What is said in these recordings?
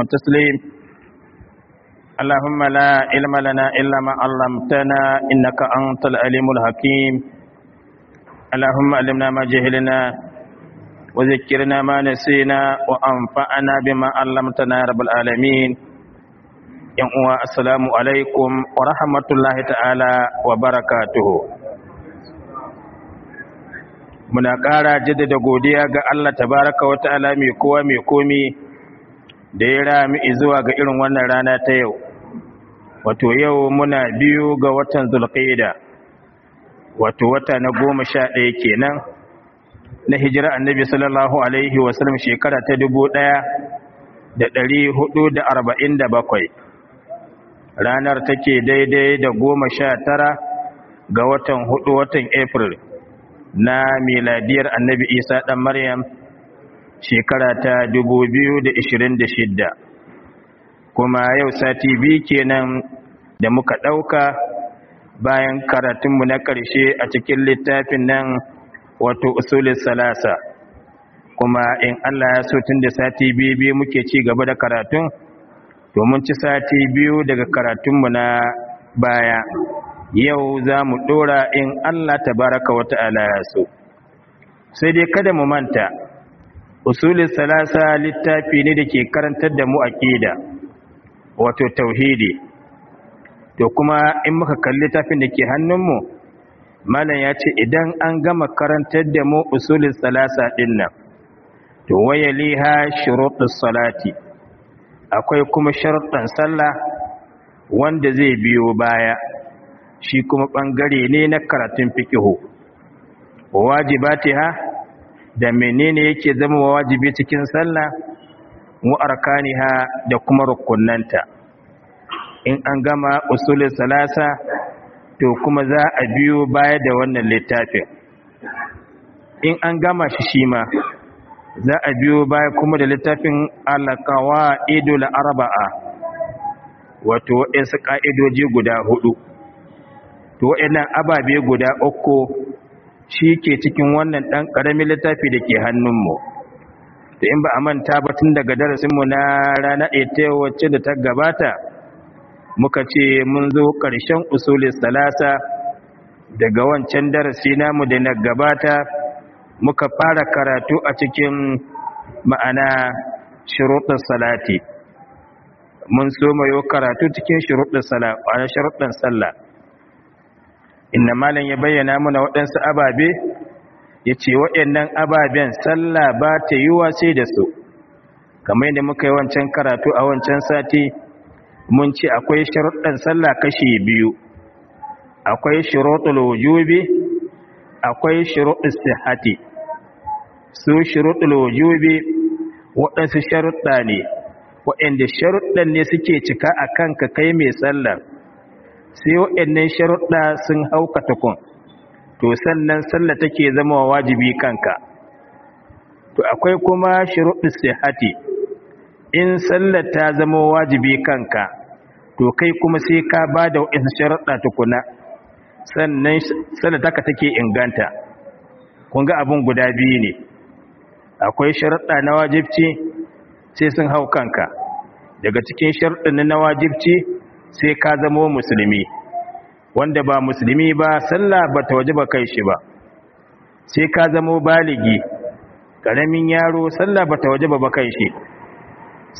التسليم اللهم لا علم لنا إلا ما علمتنا إنك أنت العليم الحكيم اللهم علمنا ما جهلنا وذكرنا ما نسينا وأنفعنا بما علمتنا رب العالمين yan uwa assalamu alaikum wa rahmatullahi ta'ala wa barakatuhu muna ƙara jaddada godiya ga Allah tabaraka wa ta'ala mai kowa mai komi da ya rami zuwa ga irin wannan rana ta yau wato yau muna biyu ga watan zulqaida wato wata na goma sha ɗaya kenan na hijira annabi sallallahu alaihi wasallam shekara ta dubu ɗaya da ɗari hudu da arba'in da bakwai ranar take daidai da goma sha tara ga watan hudu watan april na miladiyar annabi isa ɗan maryam shekara ta 2026 kuma yau sati biyu kenan da muka ɗauka bayan karatunmu na ƙarshe a cikin littafin nan wato usulin salasa kuma in Allah ya so tun da sati biyu biyu muke ci gaba da karatun domin ci sati biyu daga karatunmu na baya yau za mu ɗora in Allah ta baraka wata ala ya so sai dai kada mu manta usulin salasa littafi ne da ke karantar da mu aqida wato tauhidi to kuma in muka kalli littafin da ke hannunmu malam ya ce idan an gama karantar da mu usulin salasa din nan to wayaliha shurutus salati akwai kuma sharuɗan sallah wanda zai biyo baya shi kuma ɓangare ne na karatun fikihu wajibatiha da menene yake zama wajibi cikin sallah wa arkaniha da kuma rukunanta in an gama usulul salasa to kuma za a biyo baya da wannan littafin in an gama shi shima za a biyo baya kuma da littafin alqawa idul arba'a wato waɗansu ƙa'idoji guda hudu to waɗannan ababe guda uku shi ke cikin wannan ɗan ƙaramin littafi da ke hannunmu da in ba a manta ba tun daga darasinmu na rana ita wacce da ta gabata muka ce mun zo ƙarshen usulis salasa daga wancan darasi namu da na gabata muka fara karatu a cikin ma'ana shuruɗin salati mun so mayo karatu cikin shuruɗin sallah inna malam ya bayyana mana waɗansu ababe ya ce waɗannan ababen sallah ba ta yiwa sai da su kamar yadda muka yi wancan karatu a wancan sati mun ce akwai sharuɗan sallah kashi biyu akwai shuruɗul wujubi akwai shuruɗus sihati su shuruɗul wujubi waɗansu sharuɗa ne waɗanda sharuɗan ne suke cika a kanka kai mai sallah sai waɗannan sharuɗa sun hauka tukun to sannan sallah take zama wajibi kanka to akwai kuma sharuɗus sihati in sallah ta zama wajibi kanka to kai kuma sai ka ba da waɗannan sharuɗa tukuna sannan sallah taka take inganta kun ga abun guda biyu ne akwai sharuɗa na wajibci sai sun hau kanka daga cikin sharuɗin na wajibci sai ka zama musulmi wanda ba musulmi ba sallah ba ta waje ba kai shi ba sai ka zama baligi ƙaramin yaro sallah ba ta waje ba kai shi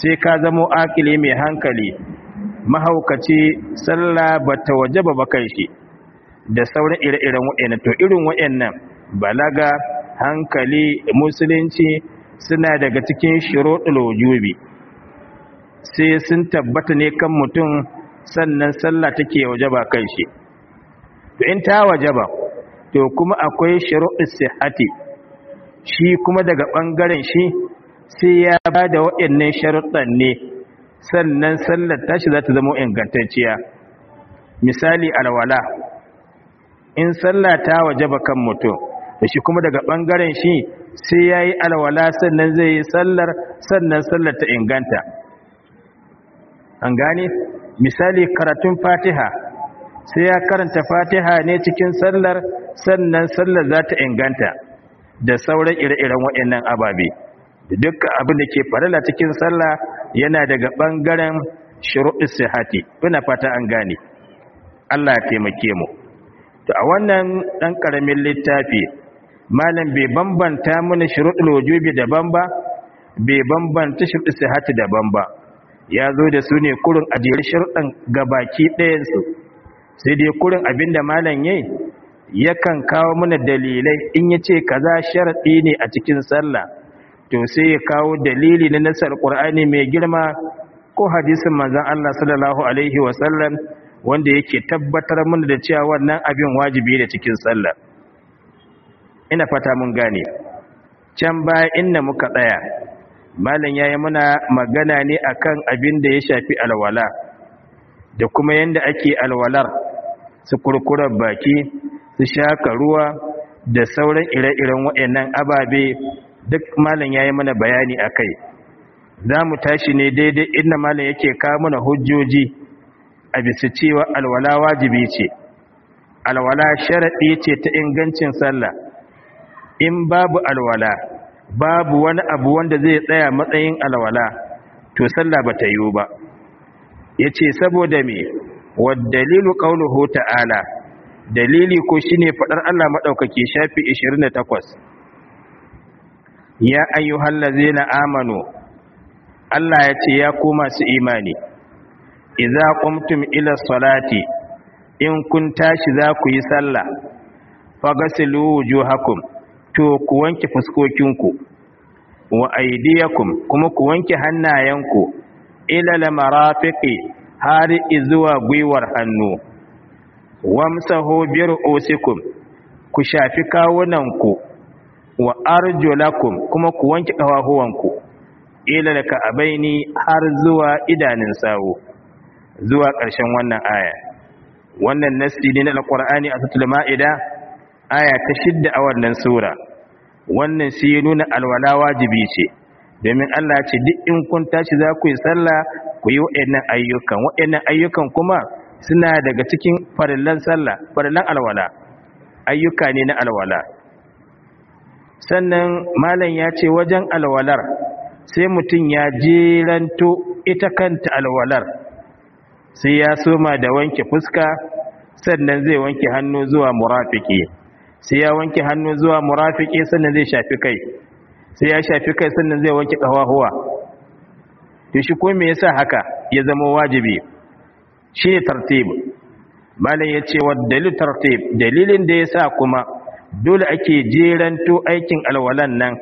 sai ka zama akili mai hankali mahaukaci sallah ba ta waje ba kai shi da sauran ire-iren waɗannan to irin waɗannan balaga hankali musulunci suna daga cikin shirotul jubi. sai sun tabbata ne kan mutum sannan sallah take wajaba kan shi to in ta wajaba to kuma akwai shuru'u sihhati shi kuma daga bangaren shi sai ya bada waɗannan sharuɗan ne sannan sallar tashi za ta zama ingantacciya misali alwala in sallah ta wajaba kan mutum da shi kuma daga bangaren shi sai ya yi alwala sannan zai yi sallar sannan sallar ta inganta an gane misali karatun fatiha sai ya karanta fatiha ne cikin sallar sannan sallar za ta inganta da sauran ire-iren waɗannan ababe duk abin da ke farala cikin sallah yana daga ɓangaren shiru'is sihati ina fata an gane Allah taimake mu to a wannan ɗan ƙaramin littafi malam bai bambanta mana shiru'ul wujubi daban ba bai bambanta shiru'is sihati daban ba ya zo da su ne kurin ajiyar shirɗin gabaki baki ɗayansu sai dai kurin abin da malam yai yakan kawo mana dalilai in ya ce kaza sharaɗi ne a cikin sallah to sai ya kawo dalili na nasar ƙur'ani mai girma ko hadisin manzan Allah sallallahu alaihi wasallam wanda yake tabbatar mana da cewa wannan abin wajibi da cikin sallah ina fata mun gane can baya inda muka tsaya malam yayi muna magana ne akan abin da ya shafi alwala da kuma yanda ake alwalar su kurkurar baki su shaka ruwa da sauran ire-iren waɗannan ababe duk malam yayi mana bayani akai za mu tashi ne daidai inda malam yake kawo mana hujjoji a bisa cewa alwala wajibi ce alwala sharaɗi ce ta ingancin sallah in babu alwala babu wani abu wanda zai tsaya matsayin alwala to sallah ba ta yiwu ba yace saboda me wa dalilu qauluhu ta'ala dalili ko shine fadar Allah madaukake shafi 28 ya ladzina amanu Allah yace ya ku masu imani idza qumtum ila salati in kun tashi za ku yi sallah fagasilu wujuhakum to ku wanke fuskokinku wa aidiyakum kuma ku wanke hannayenku ila lamarafiqi har zuwa gwiwar hannu wamsahu bi ru'usikum ku shafi kawunanku wa arjulakum kuma ku wanke kafafuwanku ila da ka'abaini har zuwa idanun sawo zuwa ƙarshen wannan aya wannan nasti ne na alqur'ani a tatul ma'ida aya ta shidda a wannan sura wannan shi ya nuna alwala wajibi ce domin Allah ce duk in kun tashi za ku yi sallah ku yi waɗannan ayyukan waɗannan ayyukan kuma suna daga cikin farillan sallah farillan alwala ayyuka ne na alwala sannan malam ya ce wajen alwalar sai mutum ya jiranto ita kanta alwalar sai ya soma da wanke fuska sannan zai wanke hannu zuwa murafiki sai ya wanke hannu zuwa murafiki sannan zai shafi kai sai ya shafi kai sannan zai wanke ɗawahuwa, to shi ko me yasa haka ya zama wajibi Shi ne tartib malam ce wa dalil tartib dalilin da ya sa kuma dole ake jeranto aikin alwalan nan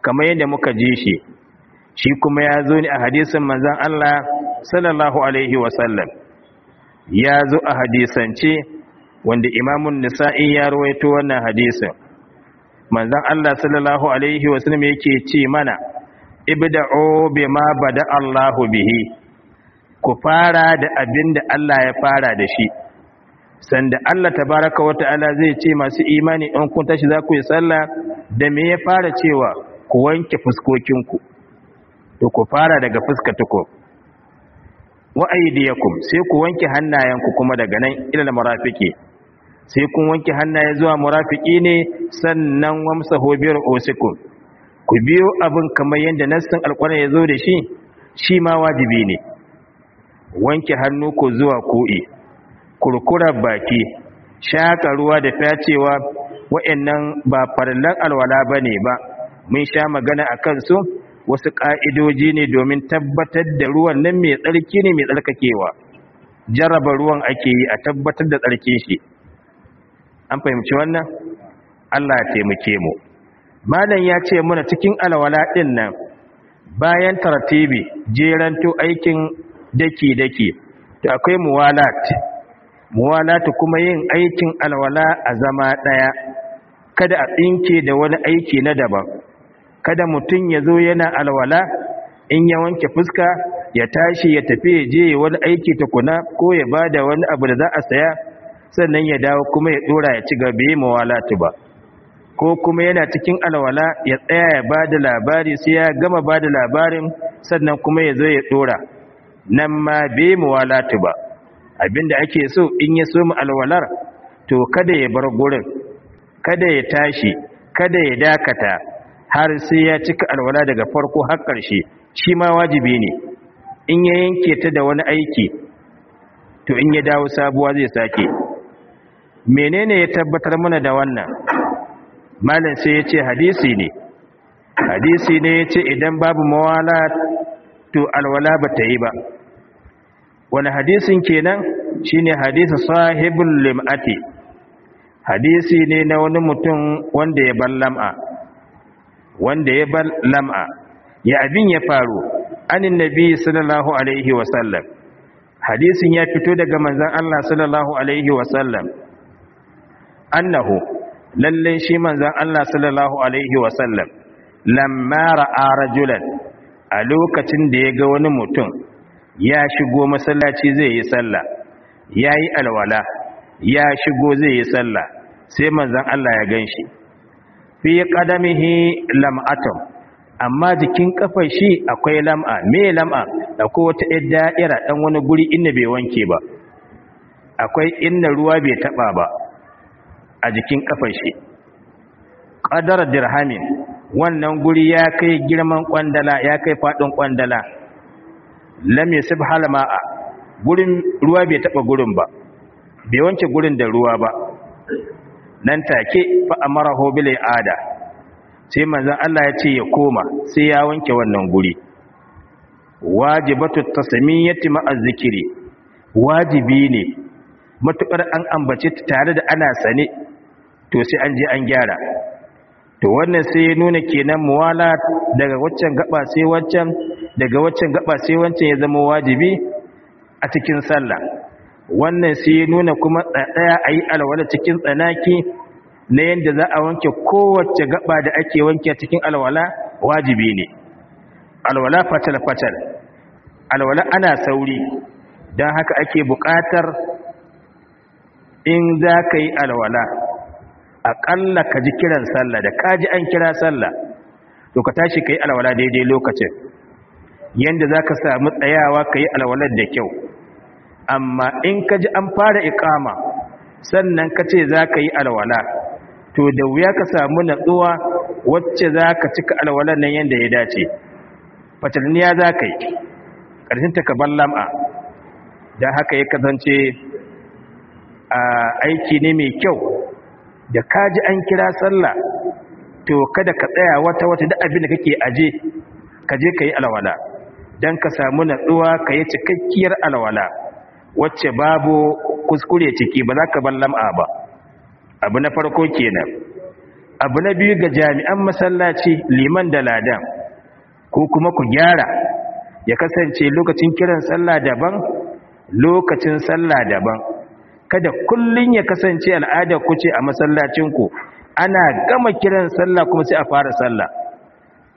kamar yadda muka ji shi shi kuma ya zo ne a hadisin manzon Allah sallallahu alaihi wasallam ya zo a hadisance wanda imamun nisa'i ya rawaito wannan hadisin manzon Allah sallallahu alaihi wasallam yake ce mana ibda'u bima bada Allahu bihi ku fara da abinda Allah ya fara da shi sanda Allah tabaraka wa ta'ala zai ce masu imani in kun tashi za ku yi sallah da me ya fara cewa ku wanke fuskokinku to ku fara daga fuska tuko wa aydiyakum sai ku wanke hannayenku kuma daga nan ila marafiki sai kun wanke hannaye zuwa murafiki ne sannan wamsa bi ru'usikum ku biyo abin kamar yadda nassin alqur'ani ya zo da shi shi ma wajibi ne wanke hannu ku zuwa ko'i kurkura baki shaka ruwa da fyacewa wa'annan ba farallan alwala bane ba mun sha magana akan su wasu ƙa'idoji ne domin tabbatar da ruwan nan mai tsarki ne mai tsarkakewa jarraba ruwan ake yi a tabbatar da tsarkin shi an fahimci wannan Allah ya taimake mu malam ya ce muna cikin alwala din nan bayan tartibi to aikin daki daki to akwai muwalat muwalat kuma yin aikin alwala a zama daya kada a tsinke da wani aiki na daban kada mutum ya zo yana alwala in ya wanke fuska ya tashi ya tafi ya je wani aiki tukuna ko ya bada wani abu da za a saya sannan ya dawo kuma ya dora ya ci gaba yi mawalatu ba ko kuma yana cikin alwala ya tsaya ya ba da labari sai ya gama ba da labarin sannan kuma ya zo ya dora nan ma bai mawalatu ba abinda ake so in ya so mu alwalar to kada ya bar gurin kada ya tashi kada ya dakata har sai ya cika alwala daga farko har ƙarshe shi ma wajibi ne in ya yanke ta da wani aiki to in ya dawo sabuwa zai sake menene ya tabbatar mana da wannan malin sai ya ce hadisi ne hadisi ne ya ce idan babu mawala to alwala ba ta yi ba wani hadisin kenan shine hadisi sahibul lim'ati hadisi ne na wani mutum wanda ya bar lam'a wanda ya bar lam'a ya abin ya faru anin nabi sallallahu alaihi wasallam hadisin ya fito daga manzon Allah sallallahu alaihi wasallam annahu lalle shi manzon Allah sallallahu alaihi wa sallam lamma ra'a rajulan a lokacin da ya ga wani mutum ya shigo masallaci zai yi sallah yayi alwala ya shigo zai yi sallah sai manzon Allah ya ganshi fi qadamihi lam'atun amma jikin kafar shi akwai lam'a me lam'a ko wata da'ira dan wani guri inda bai wanke ba akwai inda ruwa bai taba ba a jikin kafar shi qadara dirhamin wannan guri ya kai girman kwandala ya kai fadin kwandala lam yasib halama'a. gurin ruwa bai taba gurin ba bai wanke gurin da ruwa ba nan take fa amarahu bil ada. sai manzon Allah ya ce ya koma sai ya wanke wannan guri wajibatu tasmiyati ma zikiri wajibi ne matukar an ambace ta tare da ana sane to sai an je an gyara to wannan sai ya nuna kenan muwala daga waccan gaba sai waccan daga waccan gaba sai waccan ya zama wajibi a cikin sallah wannan sai ya nuna kuma tsaya a yi alwala cikin tsanaki na yanda za a wanke kowace gaba da ake wanke cikin alwala wajibi ne alwala fatal-fatal alwala ana sauri don haka ake buƙatar in za ka yi alwala aƙalla ka ji kiran sallah da ka ji an kira sallah to ka tashi ka yi alwala daidai lokacin yadda za ka samu tsayawa ka yi alwalar da kyau amma in ka ji an fara ikama sannan ka ce za ka yi alwala to da wuya ka samu natsuwa wacce za ka cika alwalar nan yadda ya dace fatalniya za ka yi ƙarshen ka ban lam'a don haka ya kasance a aiki ne mai kyau da ka ji an kira sallah to kada ka tsaya wata wata da abin da kake aje ka je ka yi alwala don ka samu natsuwa ka yi cikakkiyar alwala wacce babu kuskure ciki ba za ka ban lam'a ba abu na farko kenan abu na biyu ga jami'an masallaci liman da ladan ko kuma ku gyara ya kasance lokacin kiran sallah daban lokacin sallah daban kada kullun ya kasance al'ada ku ce a masallacin ku ana gama kiran sallah kuma sai a fara sallah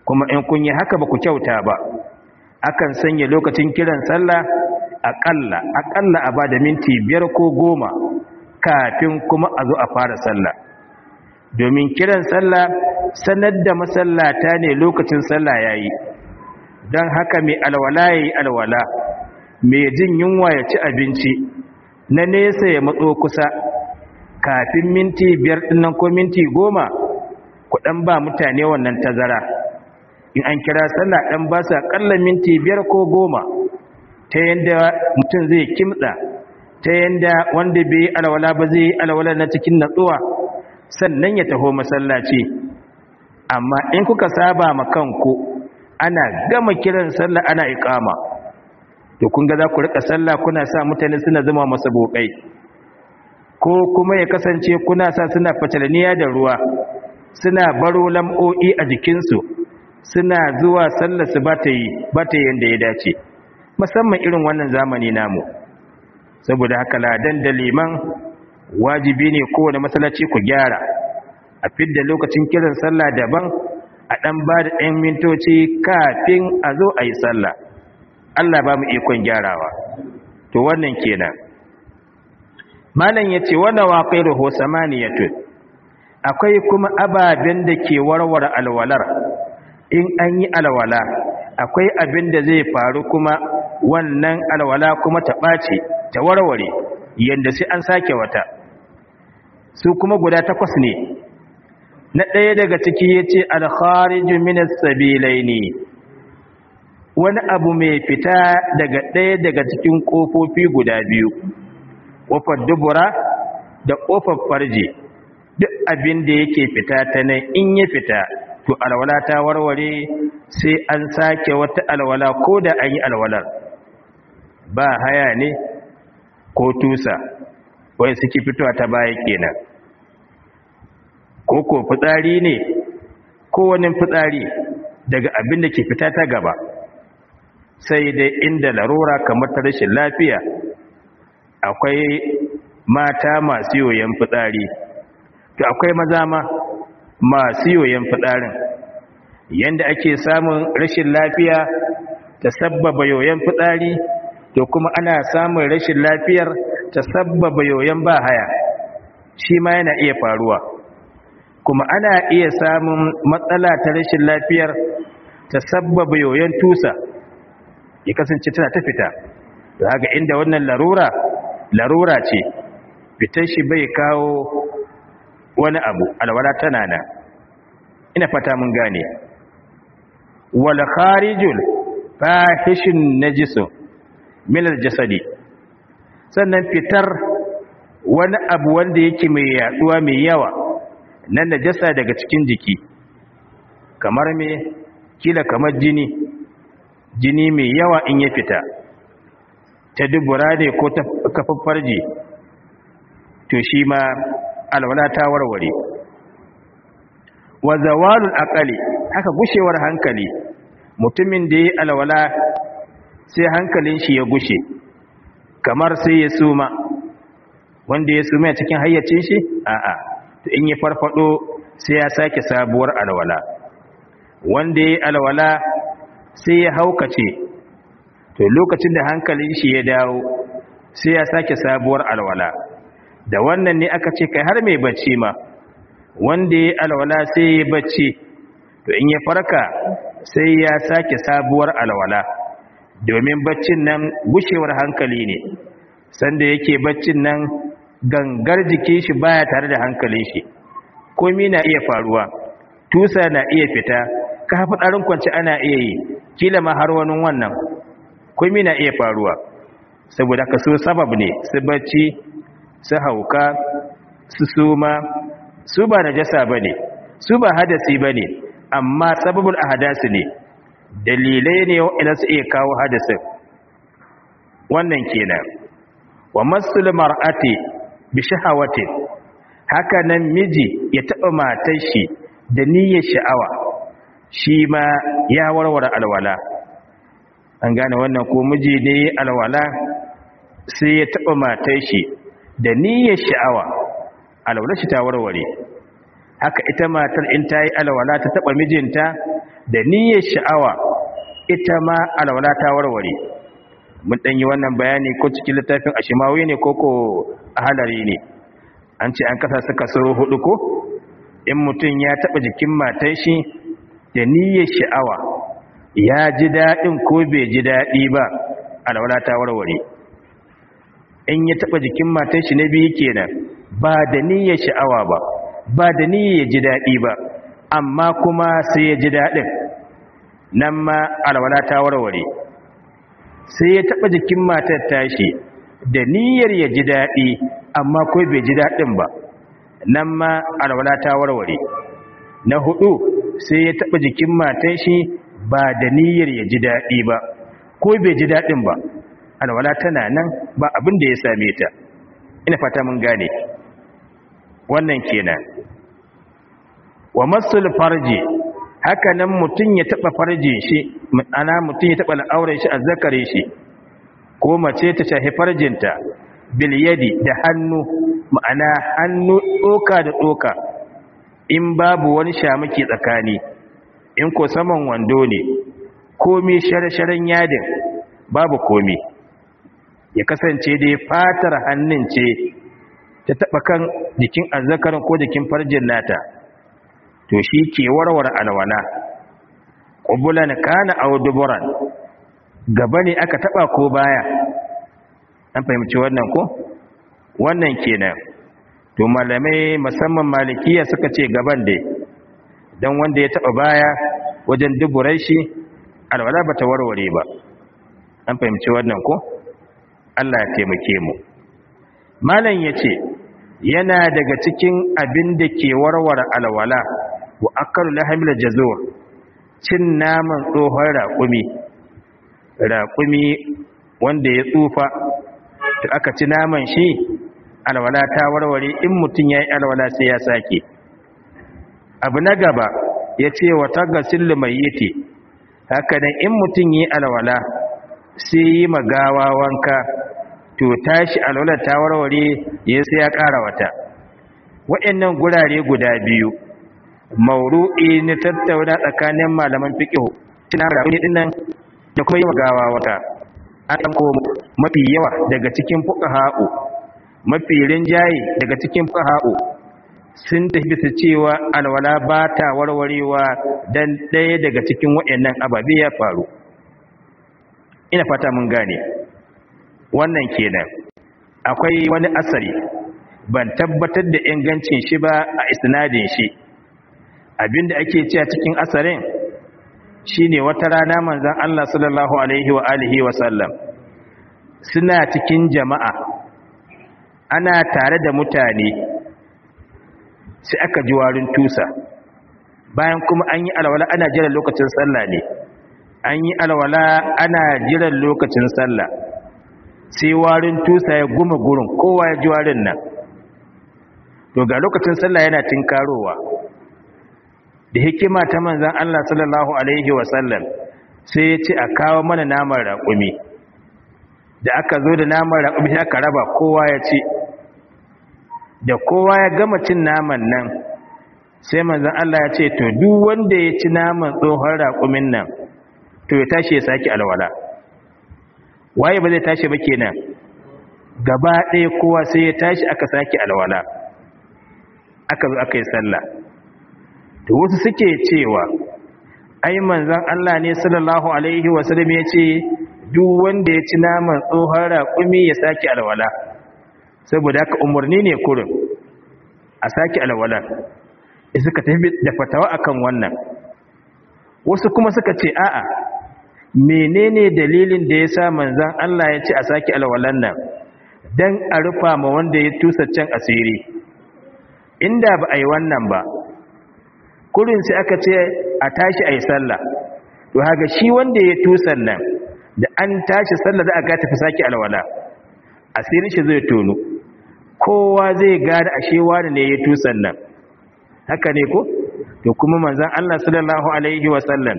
kuma in kun yi haka ba ku kyauta ba akan sanya lokacin kiran sallah akalla akalla a bada minti biyar ko goma kafin kuma a zo a fara sallah domin kiran sallah sanar da masallata ne lokacin sallah yayi dan haka mai alwala yayi alwala mai jin yunwa ya ci abinci na nesa ya matso kusa kafin minti biyar dinnan ko minti goma ku dan ba mutane wannan tazara in an kira sallah dan ba su akalla minti biyar ko goma ta yanda mutum zai kimtsa ta yanda wanda bai alwala ba zai alwala na cikin natsuwa sannan ya taho masallaci amma in kuka saba ma kanku ana gama kiran sallah ana iqama to kun ga za ku rika sallah kuna sa mutane suna zama masa bokai ko kuma ya kasance kuna sa suna fatalniya da ruwa suna baro lam'o'i a jikinsu suna zuwa su ba ta yi ba yanda ya dace musamman irin wannan zamani namu saboda haka ladan da liman wajibi ne kowane masallaci ku gyara a fidda lokacin kiran sallah daban a ɗan ba da ɗan mintoci kafin a zo a yi sallah Allah ba mu ikon gyarawa to wannan kenan malam yace wannan waqiruhu samaniyatun akwai kuma ababen da ke warware alwalar in an yi alwala akwai abin da zai faru kuma wannan alwala kuma ta ɓaci ta warware yanda sai an sake wata su kuma guda takwas ne na ɗaya daga ciki yace ce alharijin min as ne wani abu mai fita daga ɗaya daga cikin ƙofofi guda biyu ƙofar dubura da ƙofar farji duk abin da yake fita ta nan in ya fita to alwala ta warware sai an sake wata alwala ko da an yi alwalar ba haya ne ko tusa wai suke fitowa ta baya kenan Koko fitsari ne ko fitsari daga abin da ke fita ta gaba sai dai inda larura kamar ta rashin lafiya akwai mata masu yoyon fitsari to akwai maza ma masu yoyon fitsarin yanda ake samun rashin lafiya ta sabbaba yoyon fitsari to kuma ana samun rashin lafiyar ta sabbaba yoyon bahaya shi ma yana iya faruwa kuma ana iya samun matsala ta rashin lafiyar ta sabbaba yoyon tusa ya kasance tana ta fita da inda wannan larura larura ce fitan shi bai kawo wani abu alwala tana na ina fata mun gane wal kharijul fahishin najisu min jasadi sannan fitar wani abu wanda yake mai yaduwa mai yawa nan najasa daga cikin jiki kamar me kila kamar jini jini mai yawa in ya fita ta dubura ne ko ta kafin farji to shi ma alwala ta warware wa zawalul haka gushewar hankali mutumin da ya alwala sai hankalin shi ya gushe kamar sai ya suma wanda ya suma cikin hayyacin shi a'a to in ya farfado sai ya sake sabuwar alwala wanda ya alwala sai ya haukace to lokacin da hankalin shi ya dawo sai ya sake sabuwar alwala da wannan ne aka ce kai har mai bacci ma wanda ya alwala sai ya bacci to in ya farka sai ya sake sabuwar alwala domin baccin nan gushewar hankali ne sanda yake baccin nan gangar jikin shi baya tare da hankalin shi komai na iya faruwa tusa na iya fita Ka hafi ɗarin kwanci ana iya yi kila ma har wani wannan Kwami na iya faruwa saboda ka so sabab ne su bacci su hauka su suma su ba na jasa ba ne su ba hadasi ba ne amma sababul hadasi ne dalilai ne wa'ina su iya kawo hadasin wannan kenan wa masu mar'ati bi shahawatin haka nan miji ya taɓa matashi shi da niyyar sha'awa shi ma ya warware alwala an gane wannan ko miji ne alwala sai ya taɓa matar shi da niyyar sha'awa alwala shi ta warware haka ita matar in ta yi alwala ta taba mijinta da niyyar sha'awa ita ma alwala ta warware mun yi wannan bayani ko cikin littafin ashimawi ne ko ko halari ne an ce an kasa suka suru hudu ko in mutum ya taɓa jikin matar shi da niyyar sha'awa ya ji daɗin ko bai ji daɗi ba alwala ta warware in ya taɓa jikin matan shi na biyu kenan ba da niyyar sha'awa ba ba da niyyar ji daɗi ba amma kuma sai ya ji daɗin nan ma alwala ta warware sai ya taɓa jikin matar tashi da niyyar ya ji daɗi amma ko bai ji daɗin ba nan ma alwala ta warware na hudu sai ya taɓa jikin matan shi ba da niyyar ya ji daɗi ba ko bai ji daɗin ba alwala tana nan ba abin da ya same ta ina fata mun gane wannan kenan wa masul farji haka nan mutum ya taɓa farjin shi ana mutum ya taɓa al'auren shi a zakare shi ko mace ta shahi farjinta bilyadi da hannu ma'ana hannu ɗoka da ɗoka in babu wani shamaki tsakani in ko saman wando ne komi share-sharen yadin babu komi ya kasance dai fatar hannun ce ta taɓa kan jikin azzakarin ko jikin farjin nata to shi ke warware alwana ƙubulan kana a gaba ne aka taɓa ko baya an fahimci wannan ko wannan kenan to malamai musamman malikiya suka ce gaban dai don wanda ya taɓa baya wajen duburai shi alwala ba ta warware ba an fahimci wannan ko allah ya taimake mu malam ya ce yana daga cikin abin da ke warware alwala wa akalu lahamil jazor cin naman tsohon raƙumi raƙumi wanda ya tsufa da aka ci naman shi alwala ta warware in mutum ya yi alwala sai ya sake abu na gaba ya ce wa tagasil mai haka nan in mutum yi alwala sai yi magawa wanka to tashi alwala ta warware ya sai ya ƙara wata waɗannan gurare guda biyu mauru'i na tattauna tsakanin malaman fiƙihu tana da dinnan da kuma yi magawa wata an ko mafi yawa daga cikin fuka ha'u mafi rinjaye daga cikin faha'u sun tafi bisa cewa alwala ba ta warwarewa don ɗaya daga cikin waɗannan ababe ya faru ina fata mun gane wannan kenan akwai wani asari ban tabbatar da ingancin shi ba a isnadin shi abinda ake a cikin asarin shine wata rana manzan Allah sallallahu alaihi wa alihi wa sallam suna cikin jama'a ana tare da mutane sai aka ji warin tusa bayan kuma an yi alwala ana jiran lokacin sallah ne an yi alwala ana jiran lokacin sallah sai warin tusa ya guma gurin kowa ya ji warin nan to ga lokacin sallah yana tinkarowa da hikima ta manzon Allah sallallahu alaihi wasallam sai ya ce a kawo mana naman raƙumi da aka zo da naman raƙumi aka raba kowa ya ce da kowa ya gama cin naman nan sai manzon Allah ya ce to duk wanda ya ci naman tsohon raƙumin nan to ya tashi ya saki alwala waye ba zai tashi ba kenan gaba ɗaya kowa sai ya tashi aka saki alwala aka zo aka yi sallah to wasu suke cewa ai manzon Allah ne sallallahu alaihi wasallam ya ce duk wanda ya ci naman tsohon raƙumi ya sake alwala saboda haka umarni ne kurin a sake alwalar suka tafi da fatawa akan wannan wasu kuma suka ce a'a menene dalilin da ya sa manzan Allah ya ce a sake alwalan nan don a rufa ma wanda ya tusa can asiri inda ba a yi wannan ba kurin sai aka ce a tashi a yi sallah to haka shi wanda ya tusan nan da an tashi sallah za a ga tafi sake alwala asirin shi zai tono kowa zai gada ashe wani ne ya tusan nan haka ne ko to kuma manzon Allah sallallahu alaihi wasallam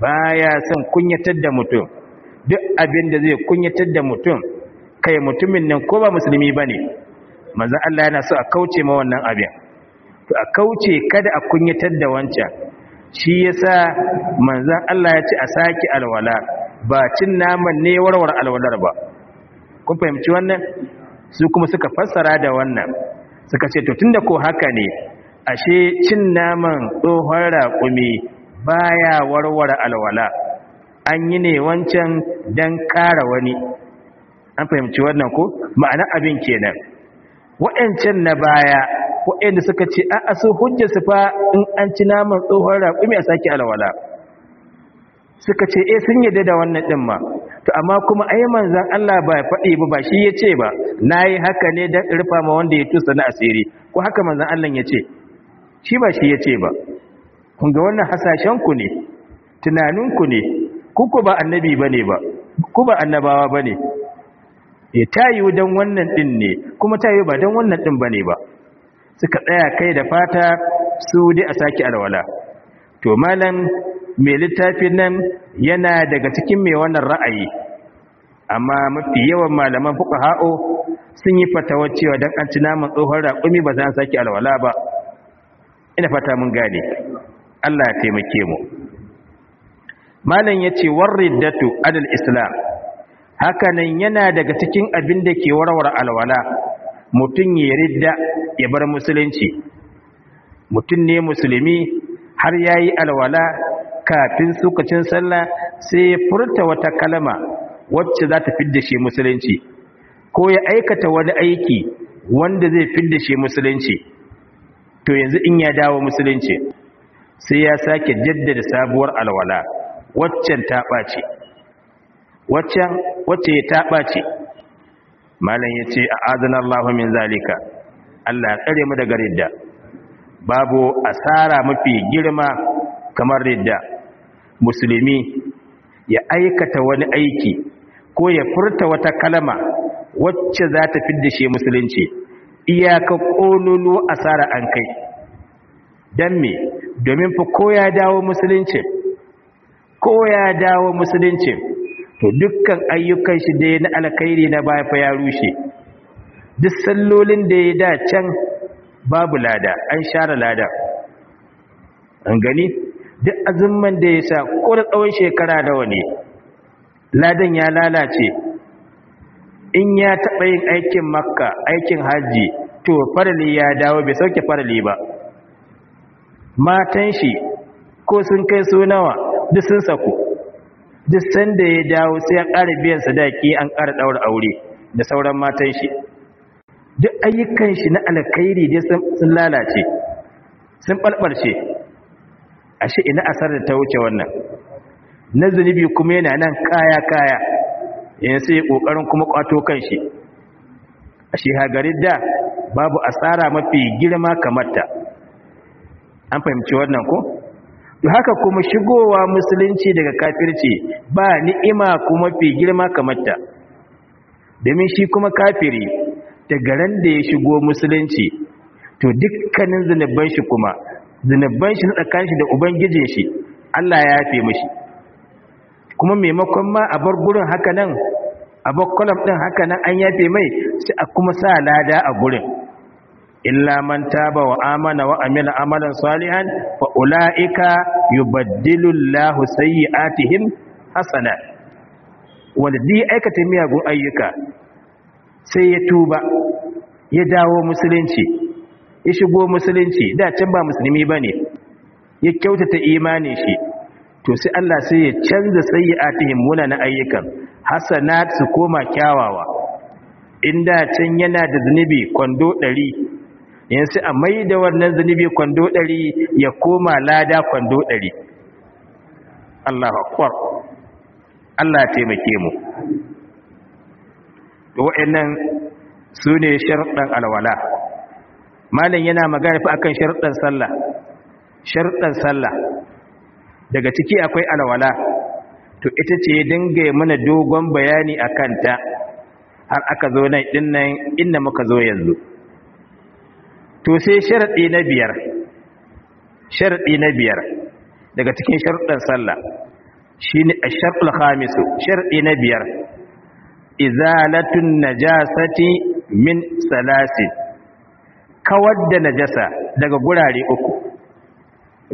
baya san kunyatar da mutum duk abin da zai kunyatar da mutum kai mutumin nan ko ba musulmi bane manzon Allah yana so a kauce ma wannan abin to a kauce kada a kunyatar da wancan shi yasa manzan Allah ya ce a saki alwala ba cin naman ne warware alwalar ba kun fahimci wannan su kuma suka fassara da wannan suka ce to tunda ko haka ne ashe cin naman tsohon raƙumi baya warware alwala an yi ne wancan don ƙara wani an fahimci wannan ko ma'ana abin kenan waɗancan na baya waɗanda suka ce a asu hujja su fa in an ci naman tsohon raƙumi a sake alwala suka ce e sun yarda da wannan ɗin ma to amma kuma ai manzon Allah ba faɗi ba ba shi yace ba nayi haka ne dan rufa ma wanda ya tusa na asiri ko haka manzon Allah yace shi ba shi yace ba kun ga wannan hasashen ku ne tunanin ku ne ku ku ba annabi bane ba ku ba annabawa bane ya e, tayu dan wannan din ne kuma tayu ba dan wannan din bane ba suka tsaya kai da fata su dai a saki alwala to malam mai littafin nan yana daga cikin mai wannan ra'ayi amma mafi yawan malaman fuka ha'o sun yi fatawar cewa don an ci naman tsohon raƙumi ba za a sake alwala ba ina fata mun gane Allah ya taimake mu malam ya ce warriddatu adal islam hakanan yana daga cikin abin da ke warware alwala mutum ya ridda ya bar musulunci mutum ne musulmi har ya yi alwala kafin sukacin sallah sai ya furta wata kalma wacce za ta fidda shi musulunci ko ya aikata wani aiki wanda zai fidda shi musulunci to yanzu in ya dawo musulunci sai ya sake jaddada sabuwar alwala waccan ta ɓace waccan wacce ta ɓace malam ya ce a azana min zalika Allah ya tsare mu daga ridda babu asara mafi girma kamar ridda musulmi ya aikata wani aiki ko ya furta wata kalama wacce za ta fidda shi musulunci iyaka ƙololo asara an kai don me domin fa ko ya dawo musulunci ko ya dawo musulunci to dukkan ayyukan shi da ya na alkhairi na baya fa ya rushe duk sallolin da ya da can babu lada an share lada an gani duk azumman da ya sa ko da tsawon shekara da wani ladan ya lalace in ya taɓa yin aikin makka aikin hajji to farali ya dawo bai sauke farali ba matan shi ko sun kai su nawa duk sun sako duk da ya dawo sai ya ƙara biyan sadaki an ƙara ɗaura aure da sauran matan shi duk ayyukan shi na alkhairi dai sun lalace sun ɓalɓarce ashe ina asar da ta wuce wannan na zunubi kuma yana nan kaya kaya yana sai kokarin kuma kwato kanshi ashe hagarin da babu asara mafi girma kamar an fahimci wannan ko haka kuma shigowa musulunci daga kafirci ba ni'ima kuma fi girma kamar ta domin shi kuma kafiri da garin da ya shigo musulunci to dukkanin zunuban shi kuma zunuban shi na tsakan shi da ubangijin shi Allah ya yafe mashi kuma maimakon ma a bar gurin haka nan a bar kolam haka nan an yafe mai sai a kuma sa lada a gurin illa man taba wa amana wa amila amalan salihan fa ulaika yubaddilu Allah sayyi'atihim hasana wanda duk aikata miyagun ayyuka sai ya tuba ya dawo musulunci ya shigo musulunci da can ba musulmi ba ne ya kyautata imanin shi to sai Allah sai ya canza sayyi'atihim na ayyukan hasanat su koma kyawawa inda can yana da zunubi kwando 100 yanzu a mai da wannan zunubi kwando 100 ya koma lada kwando 100 Allahu akbar Allah ya taimake mu to wa'annan sune sharɗan alwala malam yana magana fi akan sharuɗan sallah sharuɗan sallah daga ciki akwai alwala to ita ce dinga mana dogon bayani a kanta har aka zo nan din nan inda muka zo yanzu to sai sharaɗi na biyar sharaɗi na biyar daga cikin sharuɗan sallah shine ash-shartul khamis sharadi na biyar izalatun najasati min salasi. kawar da najasa daga gurare uku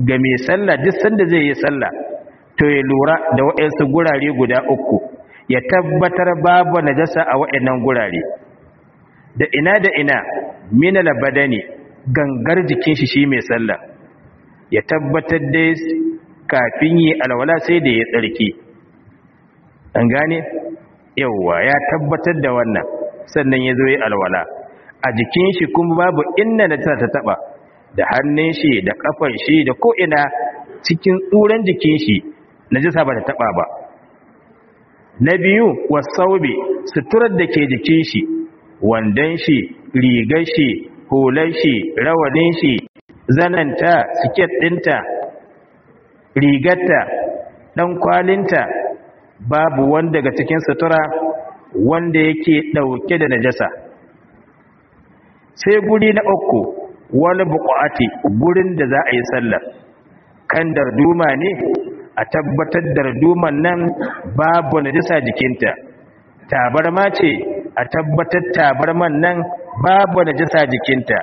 ga mai sallah duk sanda zai yi sallah to ya lura da waɗansu gurare guda uku ya tabbatar babu najasa a waɗannan gurare da ina da ina labada ne gangar jikin shi shi mai sallah ya tabbatar da kafin yi alwala sai da ya tsarki an gane yauwa ya tabbatar da wannan sannan ya zo yi alwala a jikin shi kuma babu inna da ta taba da hannun shi da kafan shi da ko'ina cikin tsuran jikin shi najasa ba ta taba ba na biyu wasaubi suturar da ke jikin shi wandon shi rigar shi hular shi rawanin shi zananta siket ɗinta rigarta ɗan kwalinta babu wanda daga cikin sutura wanda yake ɗauke da najasa sai guri na uku wani buƙati gurin da za a yi sallar kan darduma ne a tabbatar darduman nan babu najisa jikinta tabarma ce a tabbatar tabarman nan babu najisa jikinta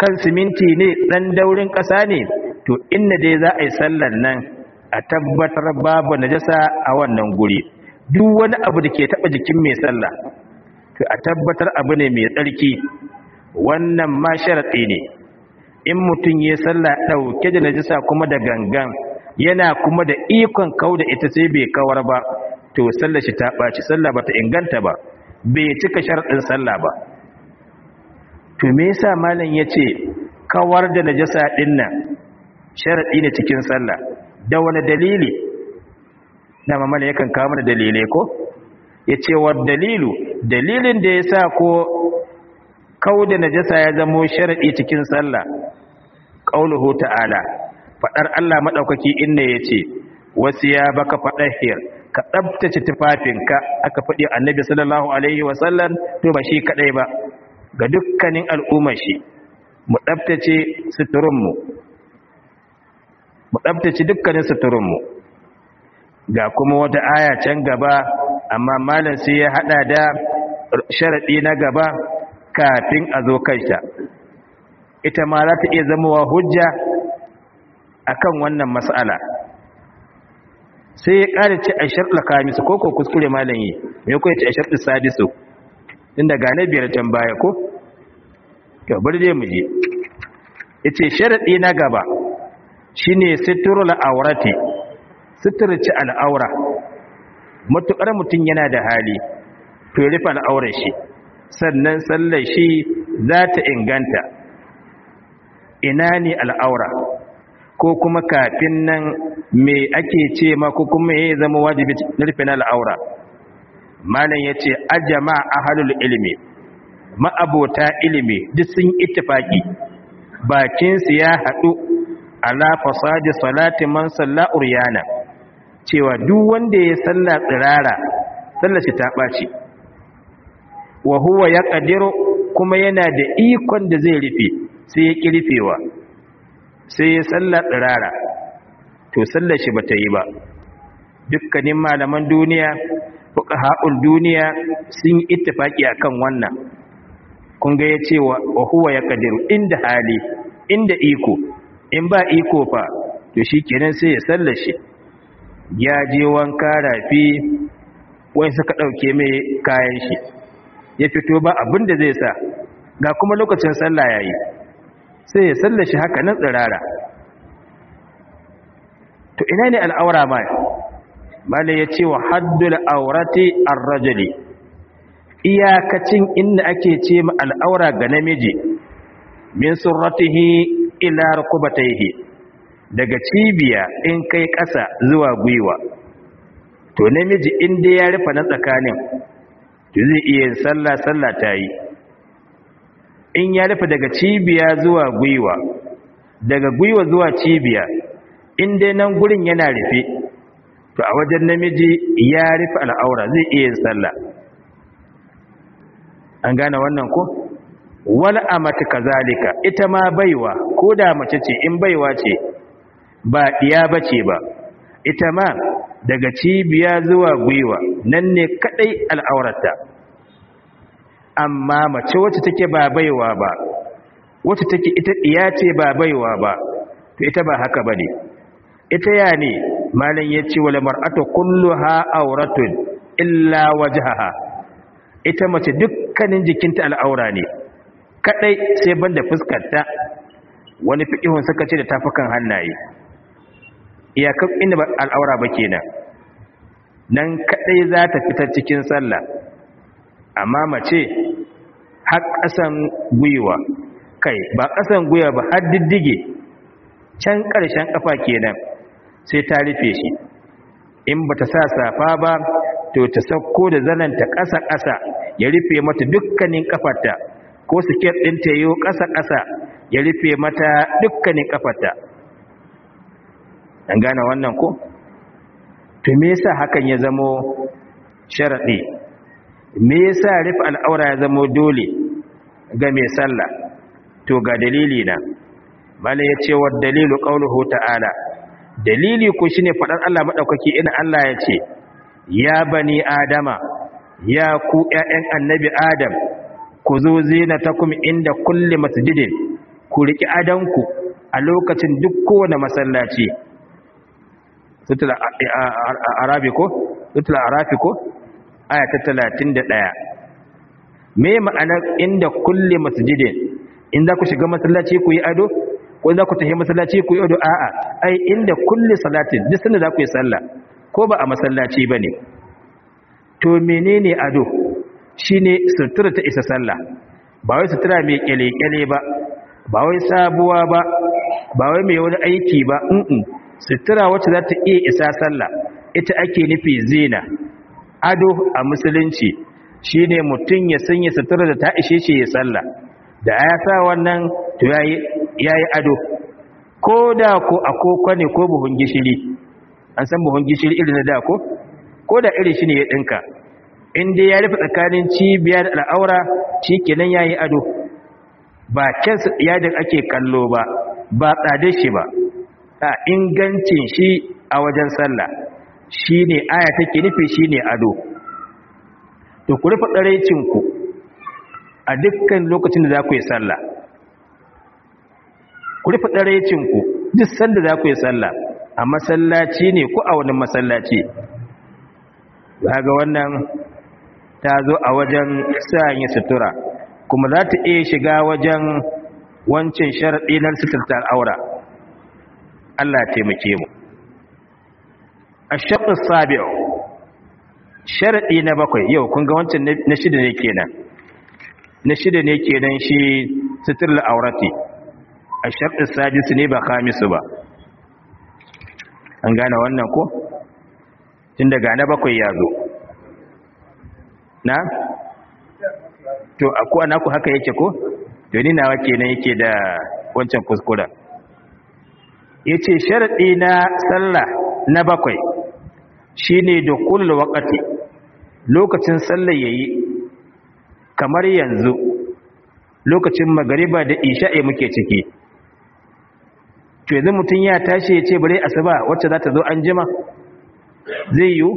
kan siminti ne ɗan daurin ƙasa ne to inda dai za a yi sallar nan a tabbatar babu najasa a wannan guri duk wani abu da ke taɓa jikin mai sallah a tabbatar abu ne mai tsarki wannan ma sharaɗi ne in mutum ya sallah ɗauke da najisa kuma da gangan yana kuma da ikon kau da ita sai bai kawar ba to sallar shi ta ɓaci sallah ba ta inganta ba bai cika sharaɗin sallah ba to me yasa malam ya ce kawar da najasa ɗin nan sharaɗi ne cikin salla, da wani dalili na mamala yakan kawo mana dalilai ko ya ce wa dalilu dalilin da ya sa ko da najasa ya zamo sharadi cikin sallah qauluhu ta'ala fadar Allah madaukaki inna yace baka fadahir ka tsabtace tufafinka aka fadi annabi sallallahu alaihi wasallam to ba shi kadai ba ga dukkanin al'ummar shi mu tsabtace suturunmu mu tsabtace dukkanin suturunmu ga kuma wata aya can gaba amma malam sai ya hada da sharadi na gaba kafin a zo kansa ita ma za ta iya zamowa hujja akan wannan mas'ala sai ya ƙara ci a sharɗa kamisu ko ko kuskure malam yi mai kuwa ci a sharɗa sadisu inda gane biyar can baya ko? to bari dai mu je ya ce sharaɗi na gaba shi ne situru la'aurati suturci al'aura matuƙar mutum yana da hali to ya rufe al'aurar shi sannan sallar shi za ta inganta ina ne al'aura ko kuma kafin nan me ake ce ma ko kuma ya zama wajibi rufe na al'aura malam ya ce ajama a halul ilimi ma'abota ilimi duk sun ittifaki bakinsu ya haɗu ala fasadi salati man salla uryana cewa duk wanda ya salla tsirara sallar ta ɓaci wa huwa yaqdiru kuma yana da ikon da zai rufe sai ya kirfewa sai ya salla tsirara to sallar shi bata yi ba dukkanin malaman duniya fuqaha'ul duniya sun a kan wannan kun ga wahuwa wa huwa yaqdiru inda hali inda iko in ba iko fa to shi kenan sai ya sallar shi ya je wanka rafi wai suka ɗauke mai kayan shi ya fito ba abin da zai sa ga kuma lokacin sallah yayi sai ya sallashi haka nan tsirara to ina ne al'aura ba? mala ya ce wa haddul aurati ar-rajuli iyakacin inda ake ce ma al'aura ga namiji min surratihi ila rukbatayhi daga cibiya in kai ƙasa zuwa gwiwa to namiji inda ya rufa na tsakanin zai iya yin sallah sallah ta yi in ya rufe daga cibiya zuwa gwiwa daga gwiwa zuwa cibiya in dai nan gurin yana rufe to a wajen namiji ya rufe al'aura zai iya yin sallah an gane wannan ko wal amatu kazalika ita ma baiwa ko da mace ce in baiwa ce ba iya bace ba ita ma daga cibiya zuwa gwiwa nan ne kadai al'aurata amma mace wacce take ba baiwa ba wacce take ita iya ce ba baiwa ba to ita ba haka bane ne ita ya ne Malam ya ce wale kulluha auratun illa wajhaha ita mace dukkanin jikinta al'aura ne kadai sai banda fuskarta wani fiqihun suka ce da tafukan hannaye iyakar inda al'aura ba kenan nan kadai za ta fita cikin sallah amma mace har ƙasan gwiwa kai ba ƙasan gwiwa ba har diddige can ƙarshen ƙafa kenan sai ta rufe shi in ba ta sa safa ba to ta sauko da zanen ta ƙasa-ƙasa ya rufe mata dukkanin ƙafarta ko siket ta yiwu ƙasa-ƙasa ya rufe mata dukkanin ƙafarta an gane wannan ko to me yasa hakan ya zamo sharaɗi me yasa rufe al'aura ya zamo dole ga mai sallah to ga dalili na mala ya ce wa dalilu qauluhu ta'ala dalili ku shine faɗar Allah maɗaukaki ina Allah ya ce ya bani adama ya ku ƴaƴan annabi adam ku zo ta zinatakum inda kulli masjidin ku riki adanku a lokacin duk kowane masallaci a arabi ko sutul arafi ko aya ta ɗaya. me ma'anar inda kulle masjidin in za ku shiga masallaci ku yi ado ko za ku tafi masallaci ku yi ado a'a ai inda kulle salatin duk sanda za ku yi sallah ko ba a masallaci ba ne? to menene ado shine sutura ta isa sallah ba wai sutura mai kyale-kyale ba ba wai sabuwa ba ba wai mai wani aiki ba sutura wacce za ta iya isa sallah ita ake nufi zina ado a musulunci shine mutum ya sanya sutura da ta ishe shi ya sallah da ya sa wannan to yayi ado ko da ko a koko ne ko buhun gishiri an san buhun gishiri irin da ko ko da irin shi ne ya dinka in dai ya rufe tsakanin cibiya da al'aura ya yayi ado ba kyan yadin ake kallo ba ba tsada shi ba a ingancin shi a wajen sallah shi ne aya take nufi ne ado to ku rufe tsaraicin ku a dukkan lokacin da za ku yi sallah ku rufe tsaraicin ku duk sanda za ku yi sallah a masallaci ne ko a wani masallaci ga wannan ta zo a wajen yi sutura kuma za ta iya shiga wajen wancin sharaɗi na suturtar aura Allah ya taimake mu A shafin as-sabi' sharadi na bakwai yau kun ga wancan na shida ne kenan na shida ne kenan shi sitrul aurati a shafin as ne ba kamisu ba an gane wannan ko tun daga na bakwai ya zo na to akwai na ku haka yake ko to ni nawa kenan yake da wancan kuskura ya ce sharaɗi na sallah na bakwai shi ne da kulla wakati lokacin sallah ya yi kamar yanzu lokacin magariba da isha'i muke ciki to yanzu mutum ya tashi ya ce bare asuba wacce za ta zo an jima zai yiwu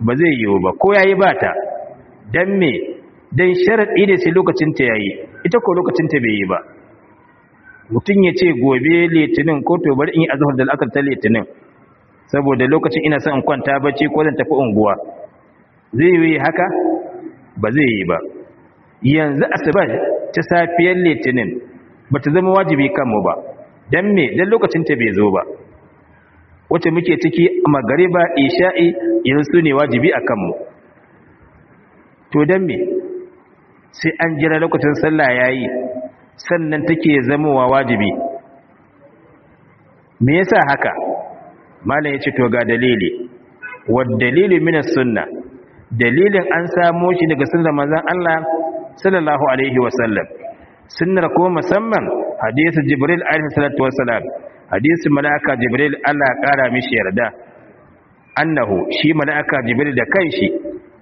ba zai yiwu ba ko ya yi ba ta don me don sharaɗi da sai lokacinta ya yi ita ko lokacinta bai yi ba mutum ya ce gobe litinin ko to bari in yi azuhar da al'akar ta litinin saboda lokacin ina son kwanta bacci ko zan tafi unguwa zai yi haka ba zai yi ba yanzu asibar ta safiyar litinin ba ta zama wajibi kanmu ba don me don lokacin ta bai zo ba wacce muke ciki a magariba isha'i yanzu su ne wajibi a kanmu to don me sai an jira lokacin sallah ya yi sannan take zamowa wajibi me yasa haka malam yace to ga dalili wad dalili min as-sunnah dalilin an samo shi daga sunnar manzon Allah sallallahu alaihi wasallam sunnar ko musamman hadisi jibril alaihi salatu wassalam hadisi malaika jibril Allah kara mishi yarda annahu shi malaika jibril da kanshi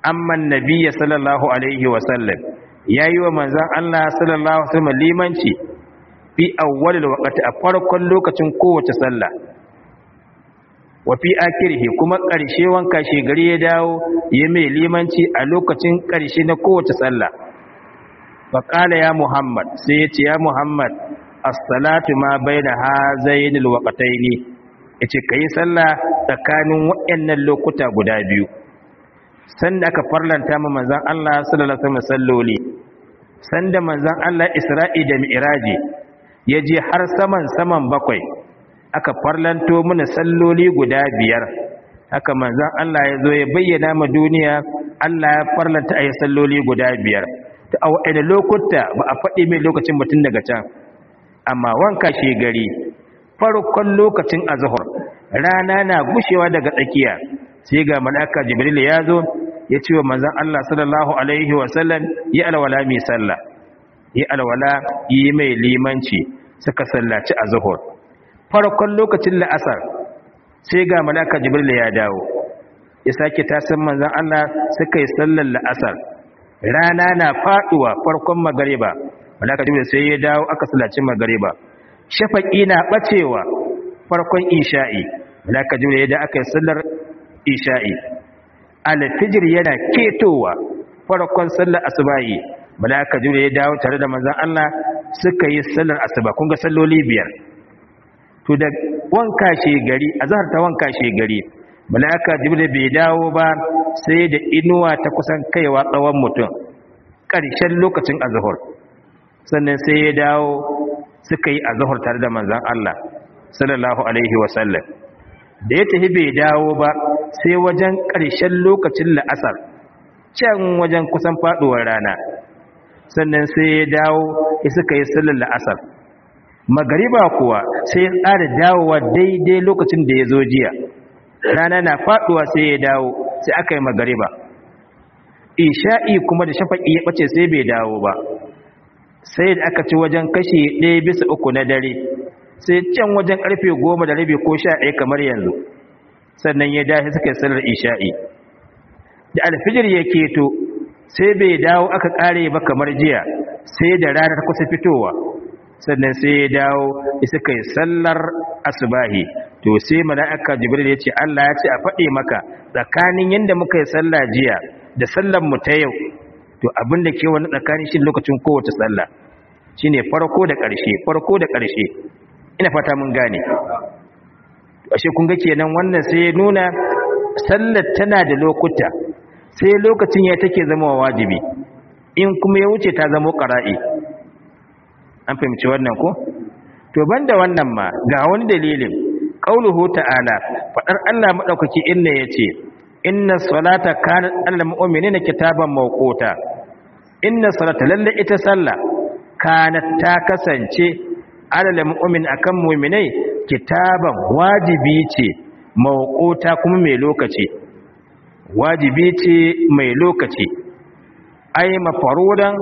amma annabiyyi sallallahu alaihi wasallam ya yi wa manzan Allah sallallahu Alaihi wasallam limanci fi awwal wakati a farkon lokacin kowace sallah wa fi akirhi kuma ƙarshe wanka shigari ya dawo ya mai limanci a lokacin ƙarshe na kowace sallah fa ya muhammad sai ya ce ya muhammad as-salatu ma ne? Ya ce ka yi sallah tsakanin waɗannan lokuta guda biyu sanda aka farlanta ma manzan Allah sallallahu alaihi wasallam salloli sanda manzan Allah Isra'i da Mi'raji ya je har saman saman bakwai aka farlanto mana salloli guda biyar haka manzan Allah ya zo ya bayyana ma duniya Allah ya farlanta a yi salloli guda biyar ta a waɗanda lokuta ba a faɗi mai lokacin mutum daga can amma wanka shi gari farkon lokacin azhar rana na gushewa daga tsakiya sai ga malaka jibril ya zo ya ce wa manzan Allah sallallahu alaihi wasallam yi alwala mai sallah yi alwala yi mai limanci suka sallaci a zuhur farkon lokacin la'asar sai ga malaka jibril ya dawo ya sake san manzan Allah suka yi sallar la'asar rana na faɗuwa farkon magariba malaka jibril sai ya dawo aka sallaci magariba shafaƙi na ɓacewa farkon isha'i malaka jibril ya da aka yi sallar isha'i alfijir yana ketowa farkon sallar asubahi malaka jibril ya dawo tare da manzon Allah suka yi sallar asuba kun ga salloli biyar to da wanka she gari azhar ta wanka she gari malaka jibril bai dawo ba sai da inuwa ta kusan kaiwa tsawon mutum ƙarshen lokacin azhar sannan sai ya dawo suka yi azhar tare da manzon Allah sallallahu alaihi wasallam da ya tafi bai dawo ba sai wajen ƙarshen lokacin la'asar can wajen kusan faɗuwar rana sannan sai ya dawo ya suka yi sallar la'asar magariba kuwa sai ya tsara dawowa daidai lokacin da ya zo jiya rana na faɗuwa sai ya dawo sai aka yi magariba isha'i kuma da shafaƙi ya ɓace sai bai dawo ba sai da aka ci wajen kashe ɗaya bisa uku na dare sai can wajen karfe goma da rabi ko sha ɗaya kamar yanzu sannan ya dahi suka sallar isha'i da alfijir ya keto sai bai dawo aka kare ba kamar jiya sai da ranar kusa fitowa sannan sai ya dawo suka yi sallar asubahi to sai aka jibril ya ce Allah ya ce a faɗe maka tsakanin yadda muka yi sallah jiya da sallar mu ta yau to abin da ke wani tsakanin shi lokacin kowace sallah shine farko da ƙarshe farko da ƙarshe ina fata mun gane ashe kun ga kenan wannan sai ya nuna sallar tana da lokuta sai lokacin ya take zama wajibi in kuma ya wuce ta zama qara'i an fahimci wannan ko to banda wannan ma ga wani dalilin qauluhu ta'ala fadar Allah madaukaki inna yace inna salata kana alal mu'minina kitaban mawquta inna salata lalla ita sallah kana ta kasance alal mu'min akan mu'minai kitaban wajibi ce mawquta kuma mai lokaci wajibi ce mai lokaci ai mafarudan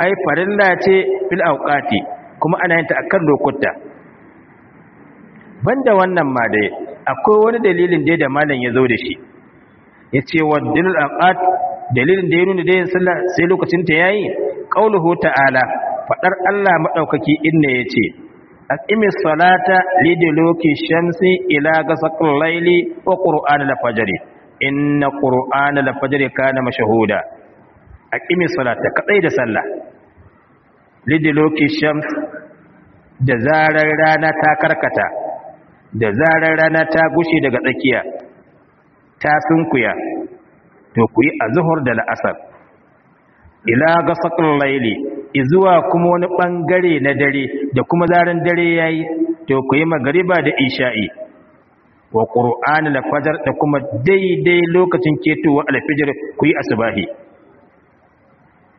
ai farilla ce fil awqati kuma ana yin ta akan lokuta banda wannan ma dai akwai wani dalilin dai da malam ya zo da shi yace wa dalil dalilin da ya nuna da yin sallah sai lokacin ta yayi qauluhu ta'ala fadar Allah madaukaki inna yace أقم الصلاة لدلوك الشمس إلى غسق الليل وقرآن الفجر إن قرآن الفجر كان مشهودا أقم الصلاة كقيد صلى لدلوك الشمس دزار رانا تاكركتا دزار رانا تاغشي دقائكيا تاسنكيا توقي أزهر دل أسر إلى غسق الليل izuwa kuma wani ɓangare na dare da kuma zaran dare ya yi to ku yi magariba da isha'i wa qur'an al da kuma daidai lokacin ketowa al ku yi asbahi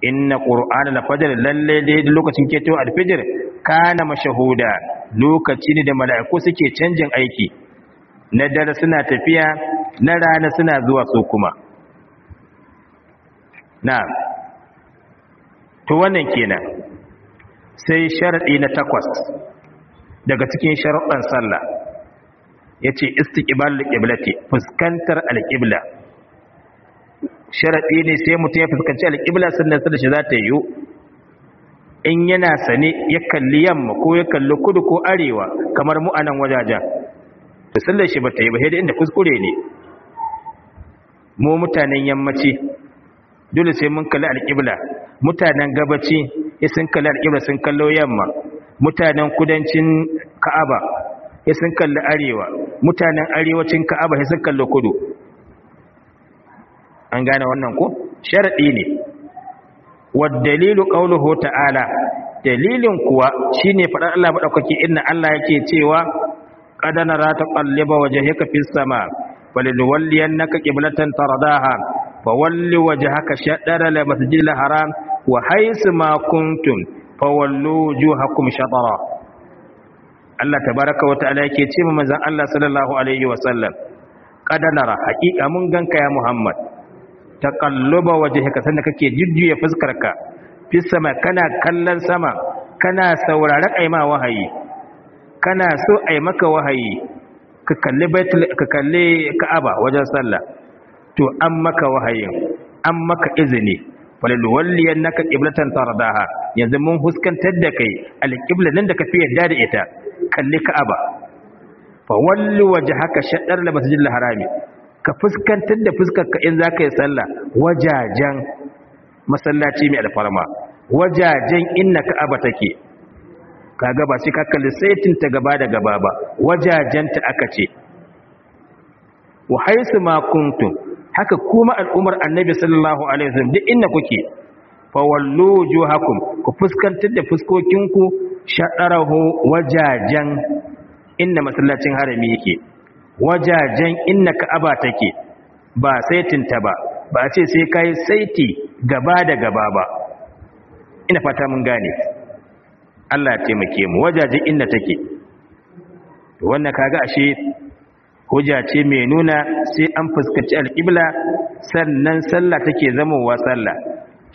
inna qur'an al-fajr lalle daidai lokacin ketowa al Ka kana mashahuda lokaci ne da mala'iku suke canjin aiki na dare suna tafiya na rana suna zuwa su kuma na'am to wannan kenan sai sharaɗi na takwas daga cikin sharaɗin sallah ya ce istiƙibar alƙiblati fuskantar alƙibla sharaɗi ne sai mutum ya fuskanci alƙibla sannan sallar shi za ta yiwu in yana sane ya kalli yamma ko ya kalli kudu ko arewa kamar mu anan wajajen to sallar shi ba ta yi ba da inda kuskure ne mu mutanen yammaci dole sai mun kalli alƙibla mutanen gabaci sun kalli alƙibla sun kallo yamma mutanen kudancin ka'aba sun kalli arewa mutanen arewacin ka'aba sun kalli kudu an gane wannan ko sharadi ne waddalilu qauluhu ta'ala dalilin kuwa shine fadar Allah madaukaki inna Allah yake cewa qadana ra taqallaba wajhaka fis sama waliduwalliyannaka qiblatan tardaha fawalli wajhaka shaddara al-masjidil haram wa haisu ma kuntum fawallu Juhakum shatara Allah tabaraka wa ta'ala yake ce manzon Allah sallallahu alaihi wa sallam kadanara haqiqa mun ganka ya Muhammad taqalluba wajhaka sanda kake jujjuya fuskarka fi sama kana kallon sama kana saurare kaima wahayi kana so ai maka wahayi ka kalli baitul ka kalli ka'aba wajen sallah to an maka wahayin an maka izini waliwalliyannaka qiblatan taradaha yanzu mun huskantar da kai alqibla nan da kafi yadda da ita kalli ka'aba fa walli wajhaka shaddar masjidil harami ka fuskantar da fuskar ka in zaka yi sallah wajajan. masallaci mai alfarma wajajen inna ka'aba take kaga ba shi ka kalli saitin ta gaba da gaba ba wajajen ta aka ce wa haisu ma kuntum haka kuma al'umar annabi sallallahu alaihi wasallam duk inda kuke fawallu juhakum ku fuskantar da fuskokinku shadarahu wajajen inda masallacin harami yake wajajen inda ka'aba take ba saitinta ba ba ce sai kai saiti gaba da gaba ba ina fata mun gane Allah ya taimake mu wajajen inda take wannan kaga ashe hujja ce mai nuna sai an fuskaci alƙibla sannan sallah take zamowa sallah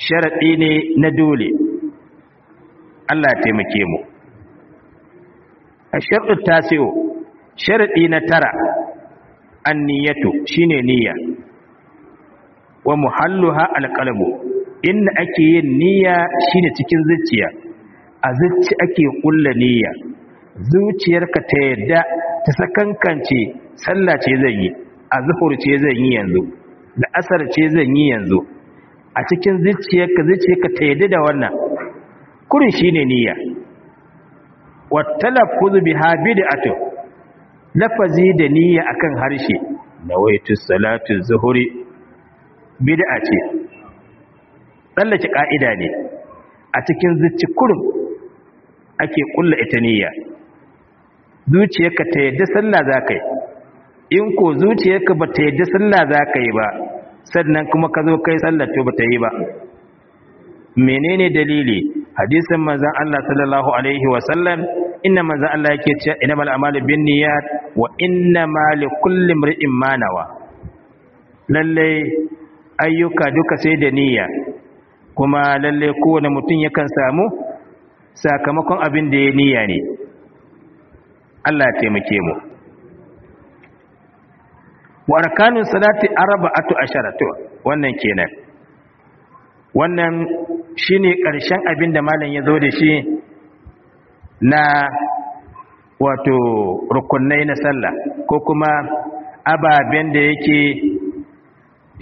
sharaɗi ne na dole Allah taimake mu a sharɗin tasiyo sharaɗi na tara an niyyatu shine niyya wa muhalluha alqalbu inda ake yin niyya shine cikin zuciya a zuci ake ƙulla niyya zuciyarka ta yadda ta sakankance sallah ce zan yi azhur ce zan yi yanzu da asar ce zan yi yanzu a cikin zuciyarka zuciyarka ta yadda da wannan kurin shine niyya wa talaffuzu biha bid'atu lafazi da niyya akan harshe nawaitu salatu zuhuri bid'a ce tsallake ƙa'ida ne a cikin zuci ake kulla ita niyya zuciyarka ta yadda sallah zakai in ko zuciyarka ba ta yadda sallah za ka yi ba sannan kuma ka zo kai sallah to ba ta yi ba menene dalili hadisin manzon Allah sallallahu alaihi wa sallam inna manzon Allah yake cewa innamal a'malu binniyat wa innama likulli kullum ma nawa lalle ayyuka duka sai da niyya kuma lallai kowane mutum yakan samu sakamakon abin da ya niyya ne Allah ya taimake mu wa salati arba'atu atu to wannan kenan wannan shine karshen abin da malam ya zo da shi na wato rukunai na sallah ko kuma ababen da yake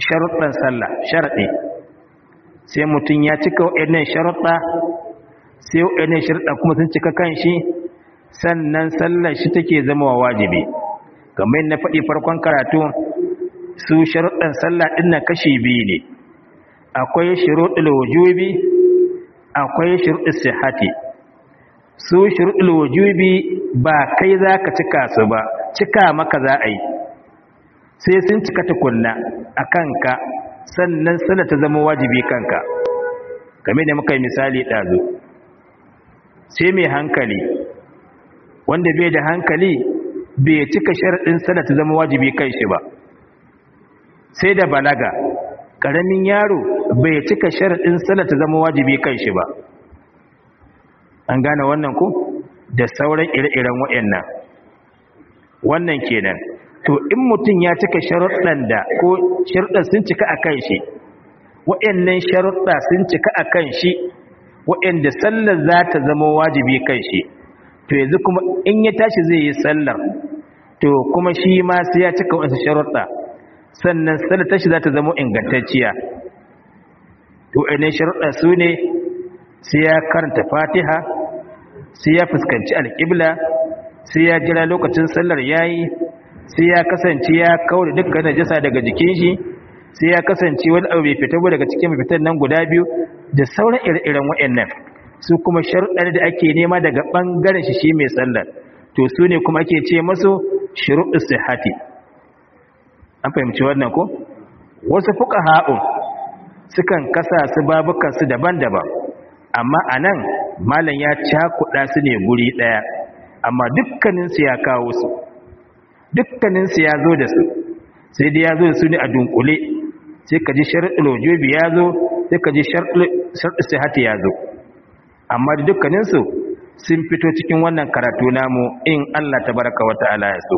sharuɗan sallah sharaɗi sai mutum ya cika wa'annan sharuɗa sai wa'annan sharuɗa kuma sun cika kan shi sannan sallar shi take zama wajibi kamar na faɗi farkon karatu su sharuɗan sallah ɗin na kashi biyu ne akwai sharuɗul wujubi akwai sharuɗul sihhati su sharuɗul wujubi ba kai zaka cika su ba cika maka za a yi sai sun cika tukunna a kanka sannan sana ta zama wajibi kanka kamar da muka yi misali ɗazu sai mai hankali wanda bai da hankali bai cika sharaɗin sallah ta zama wajibi kan shi ba sai da balaga ƙaramin yaro bai cika sharaɗin sallah ta zama wajibi kan shi ba an gane wannan ku? da sauran ire-iren waɗannan wannan kenan to in mutum ya cika sharaɗin da ko sharaɗin sun cika a kan shi waɗannan sharaɗin sun cika a kan shi waɗanda sallar za ta zama wajibi kan shi to yanzu kuma in ya tashi zai yi sallar to kuma shi ma sai ya cika wasu sharuɗa sannan sallar tashi za ta zama ingantacciya to ainihin sharuɗa su ne sai ya karanta fatiha sai ya fuskanci alƙibla sai ya jira lokacin sallar yayi sai ya kasance ya kawo dukkan najasa daga jikin shi sai ya kasance wani abu mai fita daga cikin mafitan nan guda biyu da sauran ire-iren waɗannan su kuma sharuɗar da ake nema daga ɓangaren shi shi mai sallar to su ne kuma ake ce masu su hati. an fahimci wannan ko wasu fuka ha'un sukan kasa su babukansu daban-daban amma a nan malam ya cakuɗa su ne guri ɗaya amma dukkaninsu ya kawo su dukkaninsu ya zo da su sai dai ya zo da su ne a dunkule sai ka ji sharuɗu lojobi ya zo sai ka ji su hati ya zo amma da dukkaninsu sun fito cikin wannan karatu namu in Allah ta baraka wa ta'ala ya so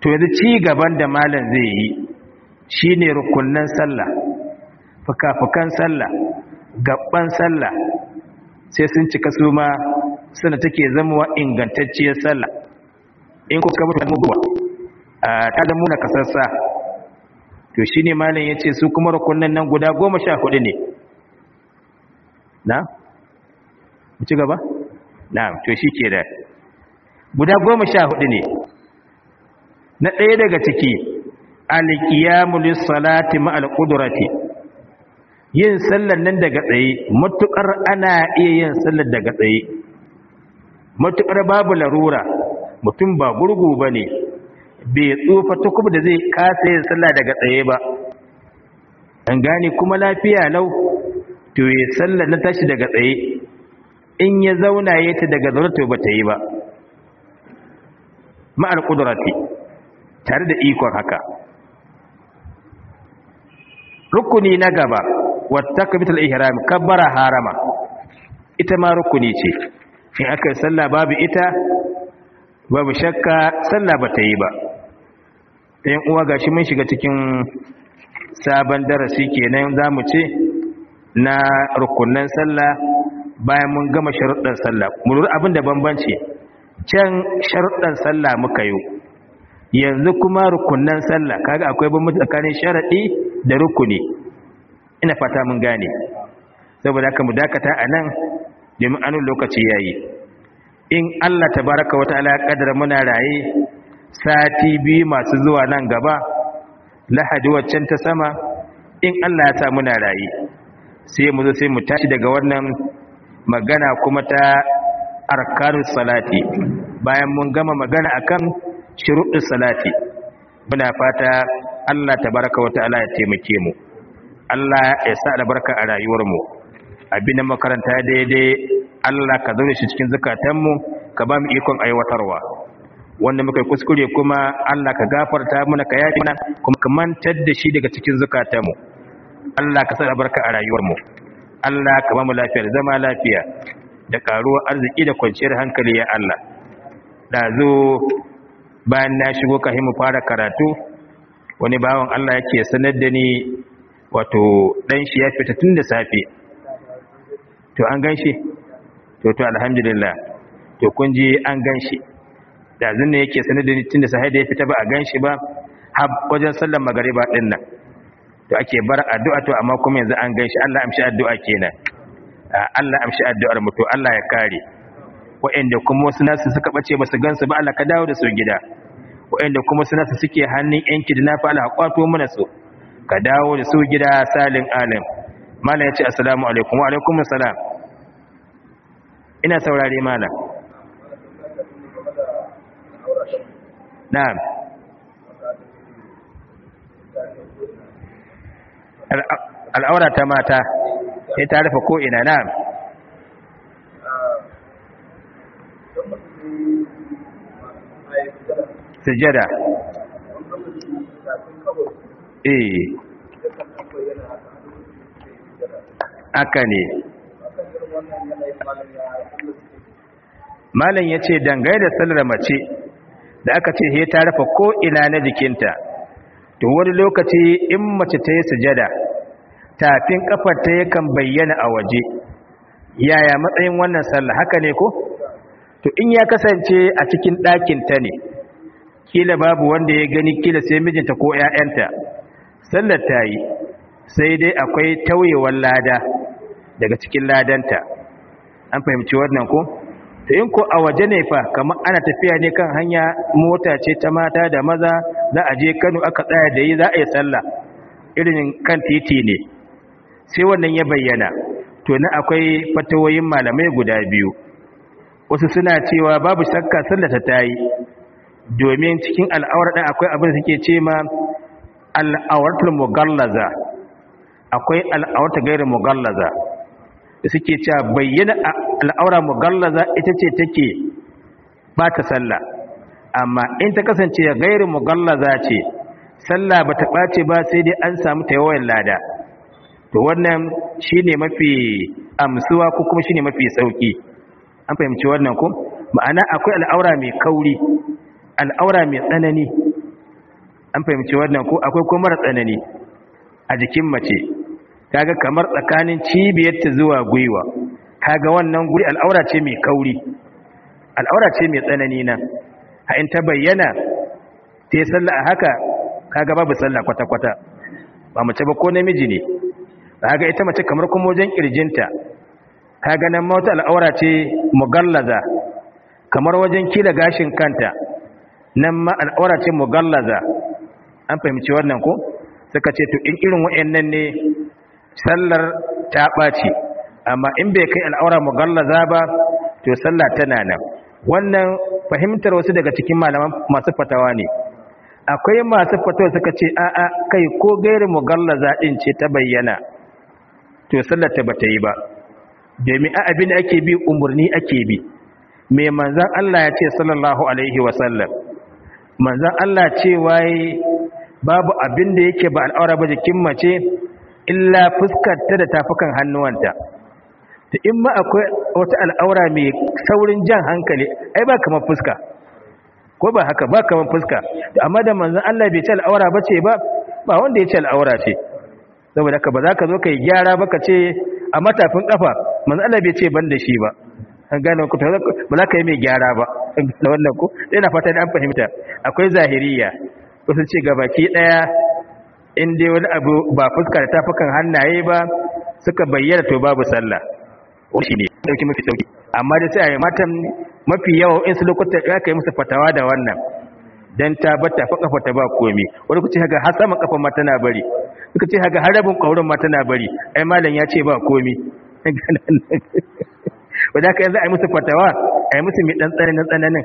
to yanzu ci gaban da malam zai yi shi ne rukunnan sallah fuka-fukan sallah gabban sallah sai sun cika su ma suna take zama ingantacciyar sallah in kuka mutu mutuwa ta zama muna kasarsa to shi ne malam ce su kuma rukunnan nan guda goma sha hudu ne na ci gaba na'am to shi ke da guda goma sha hudu ne na ɗaya daga ciki alƙiyamu salati ma'al ƙudurati yin sallar nan daga tsaye matuƙar ana iya yin sallar daga tsaye matuƙar babu larura mutum ba gurgu ba ne bai tsufa tukub da zai kasa yin sallar daga tsaye ba an gane kuma lafiya lau to yi sallar na tashi daga tsaye in ya zauna ya ta daga zaune to ba ta yi ba ma'ar ƙudurati tare da ikon haka rukuni na gaba wata kabital ihram kabbara harama ita ma rukuni ce in aka yi sallah babu ita babu shakka sallah ba ta yi ba ɗin uwa gashi mun shiga cikin sabon darasi kenan za mu ce na rukunan sallah bayan mun gama sharuɗan sallah mu lura abin da bambanci can sharuɗan sallah muka yi yanzu kuma rukunan sallah kaga akwai bambanci tsakanin sharaɗi da rukuni ina fata mun gane saboda haka mu dakata a nan domin an lokaci ya yi. in Allah ta baraka wata ya muna raye sati biyu masu zuwa nan gaba lahadi waccan ta sama in Allah ya sa muna raye sai mu zo sai mu tashi daga wannan magana kuma ta arkanus salati bayan mun gama magana akan shuruɗin salati muna fata Allah tabaraka wa ta'ala ya taimake mu Allah ya sa albarka a rayuwarmu. mu abin da makaranta daidai Allah ka zaune shi cikin zukatanmu ka ba mu ikon aiwatarwa wanda muka kuskure kuma Allah ka gafarta muna ka yafi mana kuma ka mantar da shi daga cikin zakatan Allah ka sa albarka a rayuwarmu. Allah ka ba mu lafiya zama lafiya da karuwa arziki da kwanciyar hankali ya Allah zo bayan na shigo ka himu fara karatu wani bawan Allah yake sanar da ni wato dan shi ya fita tun da safe to an ganshi to to alhamdulillah to kun ji an ganshi da zunne yake sanar da ni tun da safe da ya fita ba a ganshi ba har wajen sallar magariba din nan to ake bar addu'a to amma kuma yanzu an ganshi Allah amshi addu'a kenan Allah amshi addu'ar mu to Allah ya kare wa'anda kuma wasu nasu suka bace ba su gansu ba Allah ka dawo da su gida wa'anda kuma su nasu suke hannun yan kidnafa Allah kwato mana su ka dawo da su gida salin alim mallam ya ce assalamu alaikum wa alaikum assalam ina saurare mallam na'am al'aura ta mata sai ta rufe ko ina na sujada eh aka ne malam ya ce dangai da sallar mace da aka ce he ta rufe ko ina na jikinta to wani lokaci in mace ta yi sujada tafin kafar ta yakan bayyana a waje yaya matsayin wannan sallah haka ne ko to in ya kasance a cikin ɗakin ta ne kila babu wanda ya gani kila sai mijinta ko ƴaƴanta sallar ta yi sai dai akwai tauyewar lada daga cikin ladanta an fahimci wannan ko to in ko a waje ne fa kamar ana tafiya ne kan hanya mota ce ta mata da maza za a je Kano aka tsaya da yi za a yi sallah irin kan titi ne sai wannan ya bayyana to na akwai fatawoyin malamai guda biyu wasu suna cewa babu shakka sallah ta tayi domin cikin al'awar din akwai abin da suke ce ma al'awartul mughallaza akwai ta gairu mugallaza da suke cewa bayyana al'aura mugallaza ita ce take ba ta sallah amma in ta kasance gairin mugallaza ce sallah ba ta ɓace ba sai dai an samu ta yawan lada to wannan shine mafi amsuwa ko kuma shine mafi sauki an fahimci wannan ko ma'ana akwai al'aura mai kauri al'aura mai tsanani an fahimci wannan ko akwai kuma mara tsanani a jikin mace kaga kamar tsakanin cibiyarta zuwa gwiwa kaga wannan guri al'aura ce mai kauri al'aura ce mai tsanani nan a in ta bayyana ta yi sallah a haka kaga babu sallah kwata-kwata ba mace ba ko namiji ne kaga ita mace kamar kuma wajen kirjinta kaga nan mawata al'aura ce mugallaza kamar wajen kila gashin kanta nan ma al'aura ce mugallaza an fahimci wannan ko suka ce to in irin wa'annan ne sallar ta ɓaci amma in bai kai al'aura mugallaza ba to sallah tana nan wannan fahimtar wasu daga cikin malaman masu fatawa ne akwai masu fatawa suka ce a'a kai ko gairin mugallaza din ce ta bayyana to sallar ta bata yi ba domin abin da ake bi umarni ake bi mai manzan Allah ya ce sallallahu alaihi wasallam manzan Allah ce waye babu abin da yake ba al'aura ba jikin mace illa fuskarta da tafukan hannuwanta ta in ma akwai wata al'aura mai saurin jan hankali ai ba kamar fuska ko ba haka ba kamar fuska amma da manzon Allah bai ce al'aura ba ce ba ba wanda ya ce al'aura ce saboda ka ba za ka zo ka yi gyara ba ka ce a matafin kafa manzon Allah bai ce ban da shi ba an gane ku ba za ka yi mai gyara ba da wannan ku ina fata da an fahimta akwai zahiriya wasu ce ga baki daya in dai wani abu ba fuska da tafukan hannaye ba suka bayyana to babu sallah shi ne dauki mafi sauki amma da sai a yi matan mafi yawa in su lokuta ya kai musu fatawa da wannan dan ta bata fa kafa ta ba komi wani kuce haka har sama kafa ma tana bari kuka ce haka har rabin kaurin ma tana bari ai malam ya ce ba komi wanda ka yanzu ai yi musu fatawa ai musu mai dan tsananin tsananin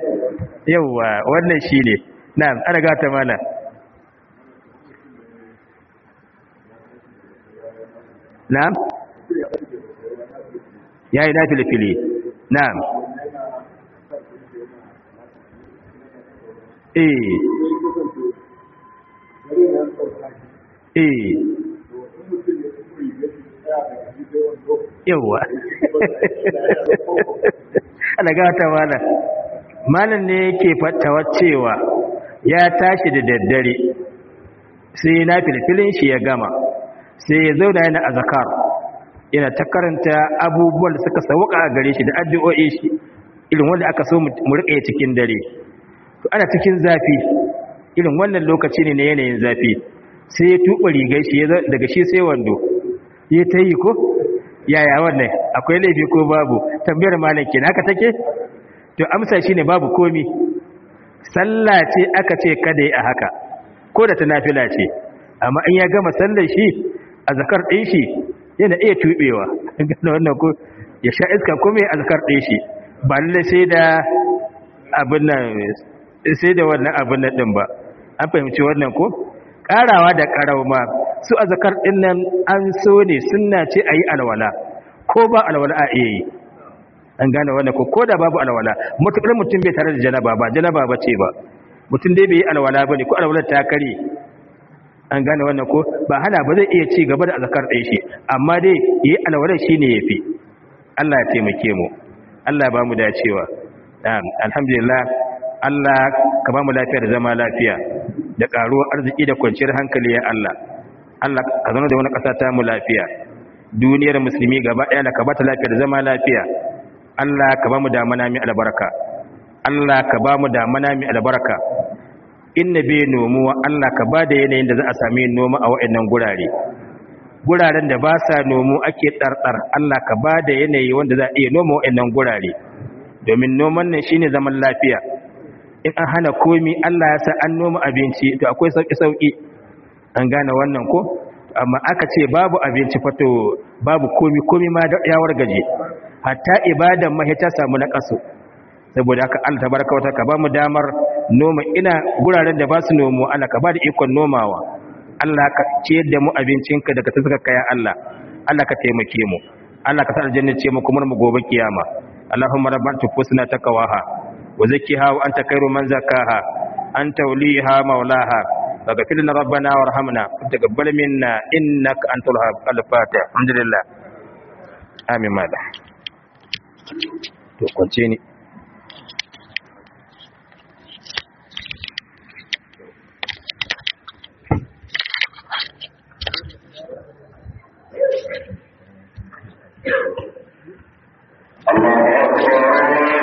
yauwa wannan shi ne na an raga ta malam na'am yayi na filifili na'am eh eh yawa ana gata mana malam ne ke fattawa cewa ya tashi da daddare sai na filfilin shi ya gama sai ya zauna yana a zakar yana ta karanta abubuwan da suka sauka a gare shi da addu'o'i shi irin wanda aka so mu rike cikin dare to ana cikin zafi irin wannan lokaci ne na yanayin zafi sai ya tuba rigar shi daga shi sai wando ya tayi ko yaya wannan akwai laifi ko babu tambayar malam kenan aka take to amsa shi ne babu komi sallah ce aka ce kada yi a haka ko da ta nafila ce amma in ya gama sallar shi a zakar ɗin shi yana iya tuɓewa gano wannan ku ya sha iska kome a zakar ɗin shi ba lalle sai da abin nan sai da wannan abin nan ɗin ba an fahimci wannan ku. ƙarawa da ƙarauma ma su zakar ɗin nan an so ne suna ce a yi alwala ko ba alwala a iya yi an gane wannan ku ko da babu alwala matuƙar mutum bai tare da janaba ba janaba ba ce ba mutum dai bai yi alwala ba ne ko alwala ta kare an gane wannan ko ba hana ba zai iya ci gaba da azkar ɗaya shi amma dai yi alwalar shi yafi Allah ya taimake mu Allah ba mu dacewa alhamdulillah Allah ka ba mu lafiya da zama lafiya da ƙaruwar arziki da kwanciyar hankali ya Allah Allah ka zama da wani ƙasa ta mu lafiya duniyar musulmi gaba ɗaya da ka ba lafiya da zama lafiya Allah ka ba mu damana mai albarka Allah ka ba mu damana mai albarka inna bai nomuwa Allah ka ba da yanayin da za a sami noma a waɗannan gurare guraren da ba sa nomu ake ɗarɗar Allah ka ba da yanayi wanda za a iya noma waɗannan gurare domin noman nan shine zaman lafiya in an hana komi Allah ya sa an noma abinci to akwai sauƙi-sauƙi an gane wannan ko amma aka ce babu abinci fato babu komi komi ma da yawar gaji, hatta ibadan mahita samu na kaso saboda haka Allah tabaraka wa ta'ala ba mu damar noma ina guraren da ba su nomo Allah ka ba da ikon nomawa Allah ka ciyar da mu abincinka daga suka kaya Allah Allah ka taimake mu Allah ka sa aljanna ce mu kuma mu gobe kiyama Allahumma rabbana tufusna takawaha wa zakkiha wa anta khairu man zakkaha anta waliha maulaha فاغفر rabbana warhamna وارحمنا وتقبل منا انك انت الفاتح الحمد alhamdulillah amin mala to kwance ni الله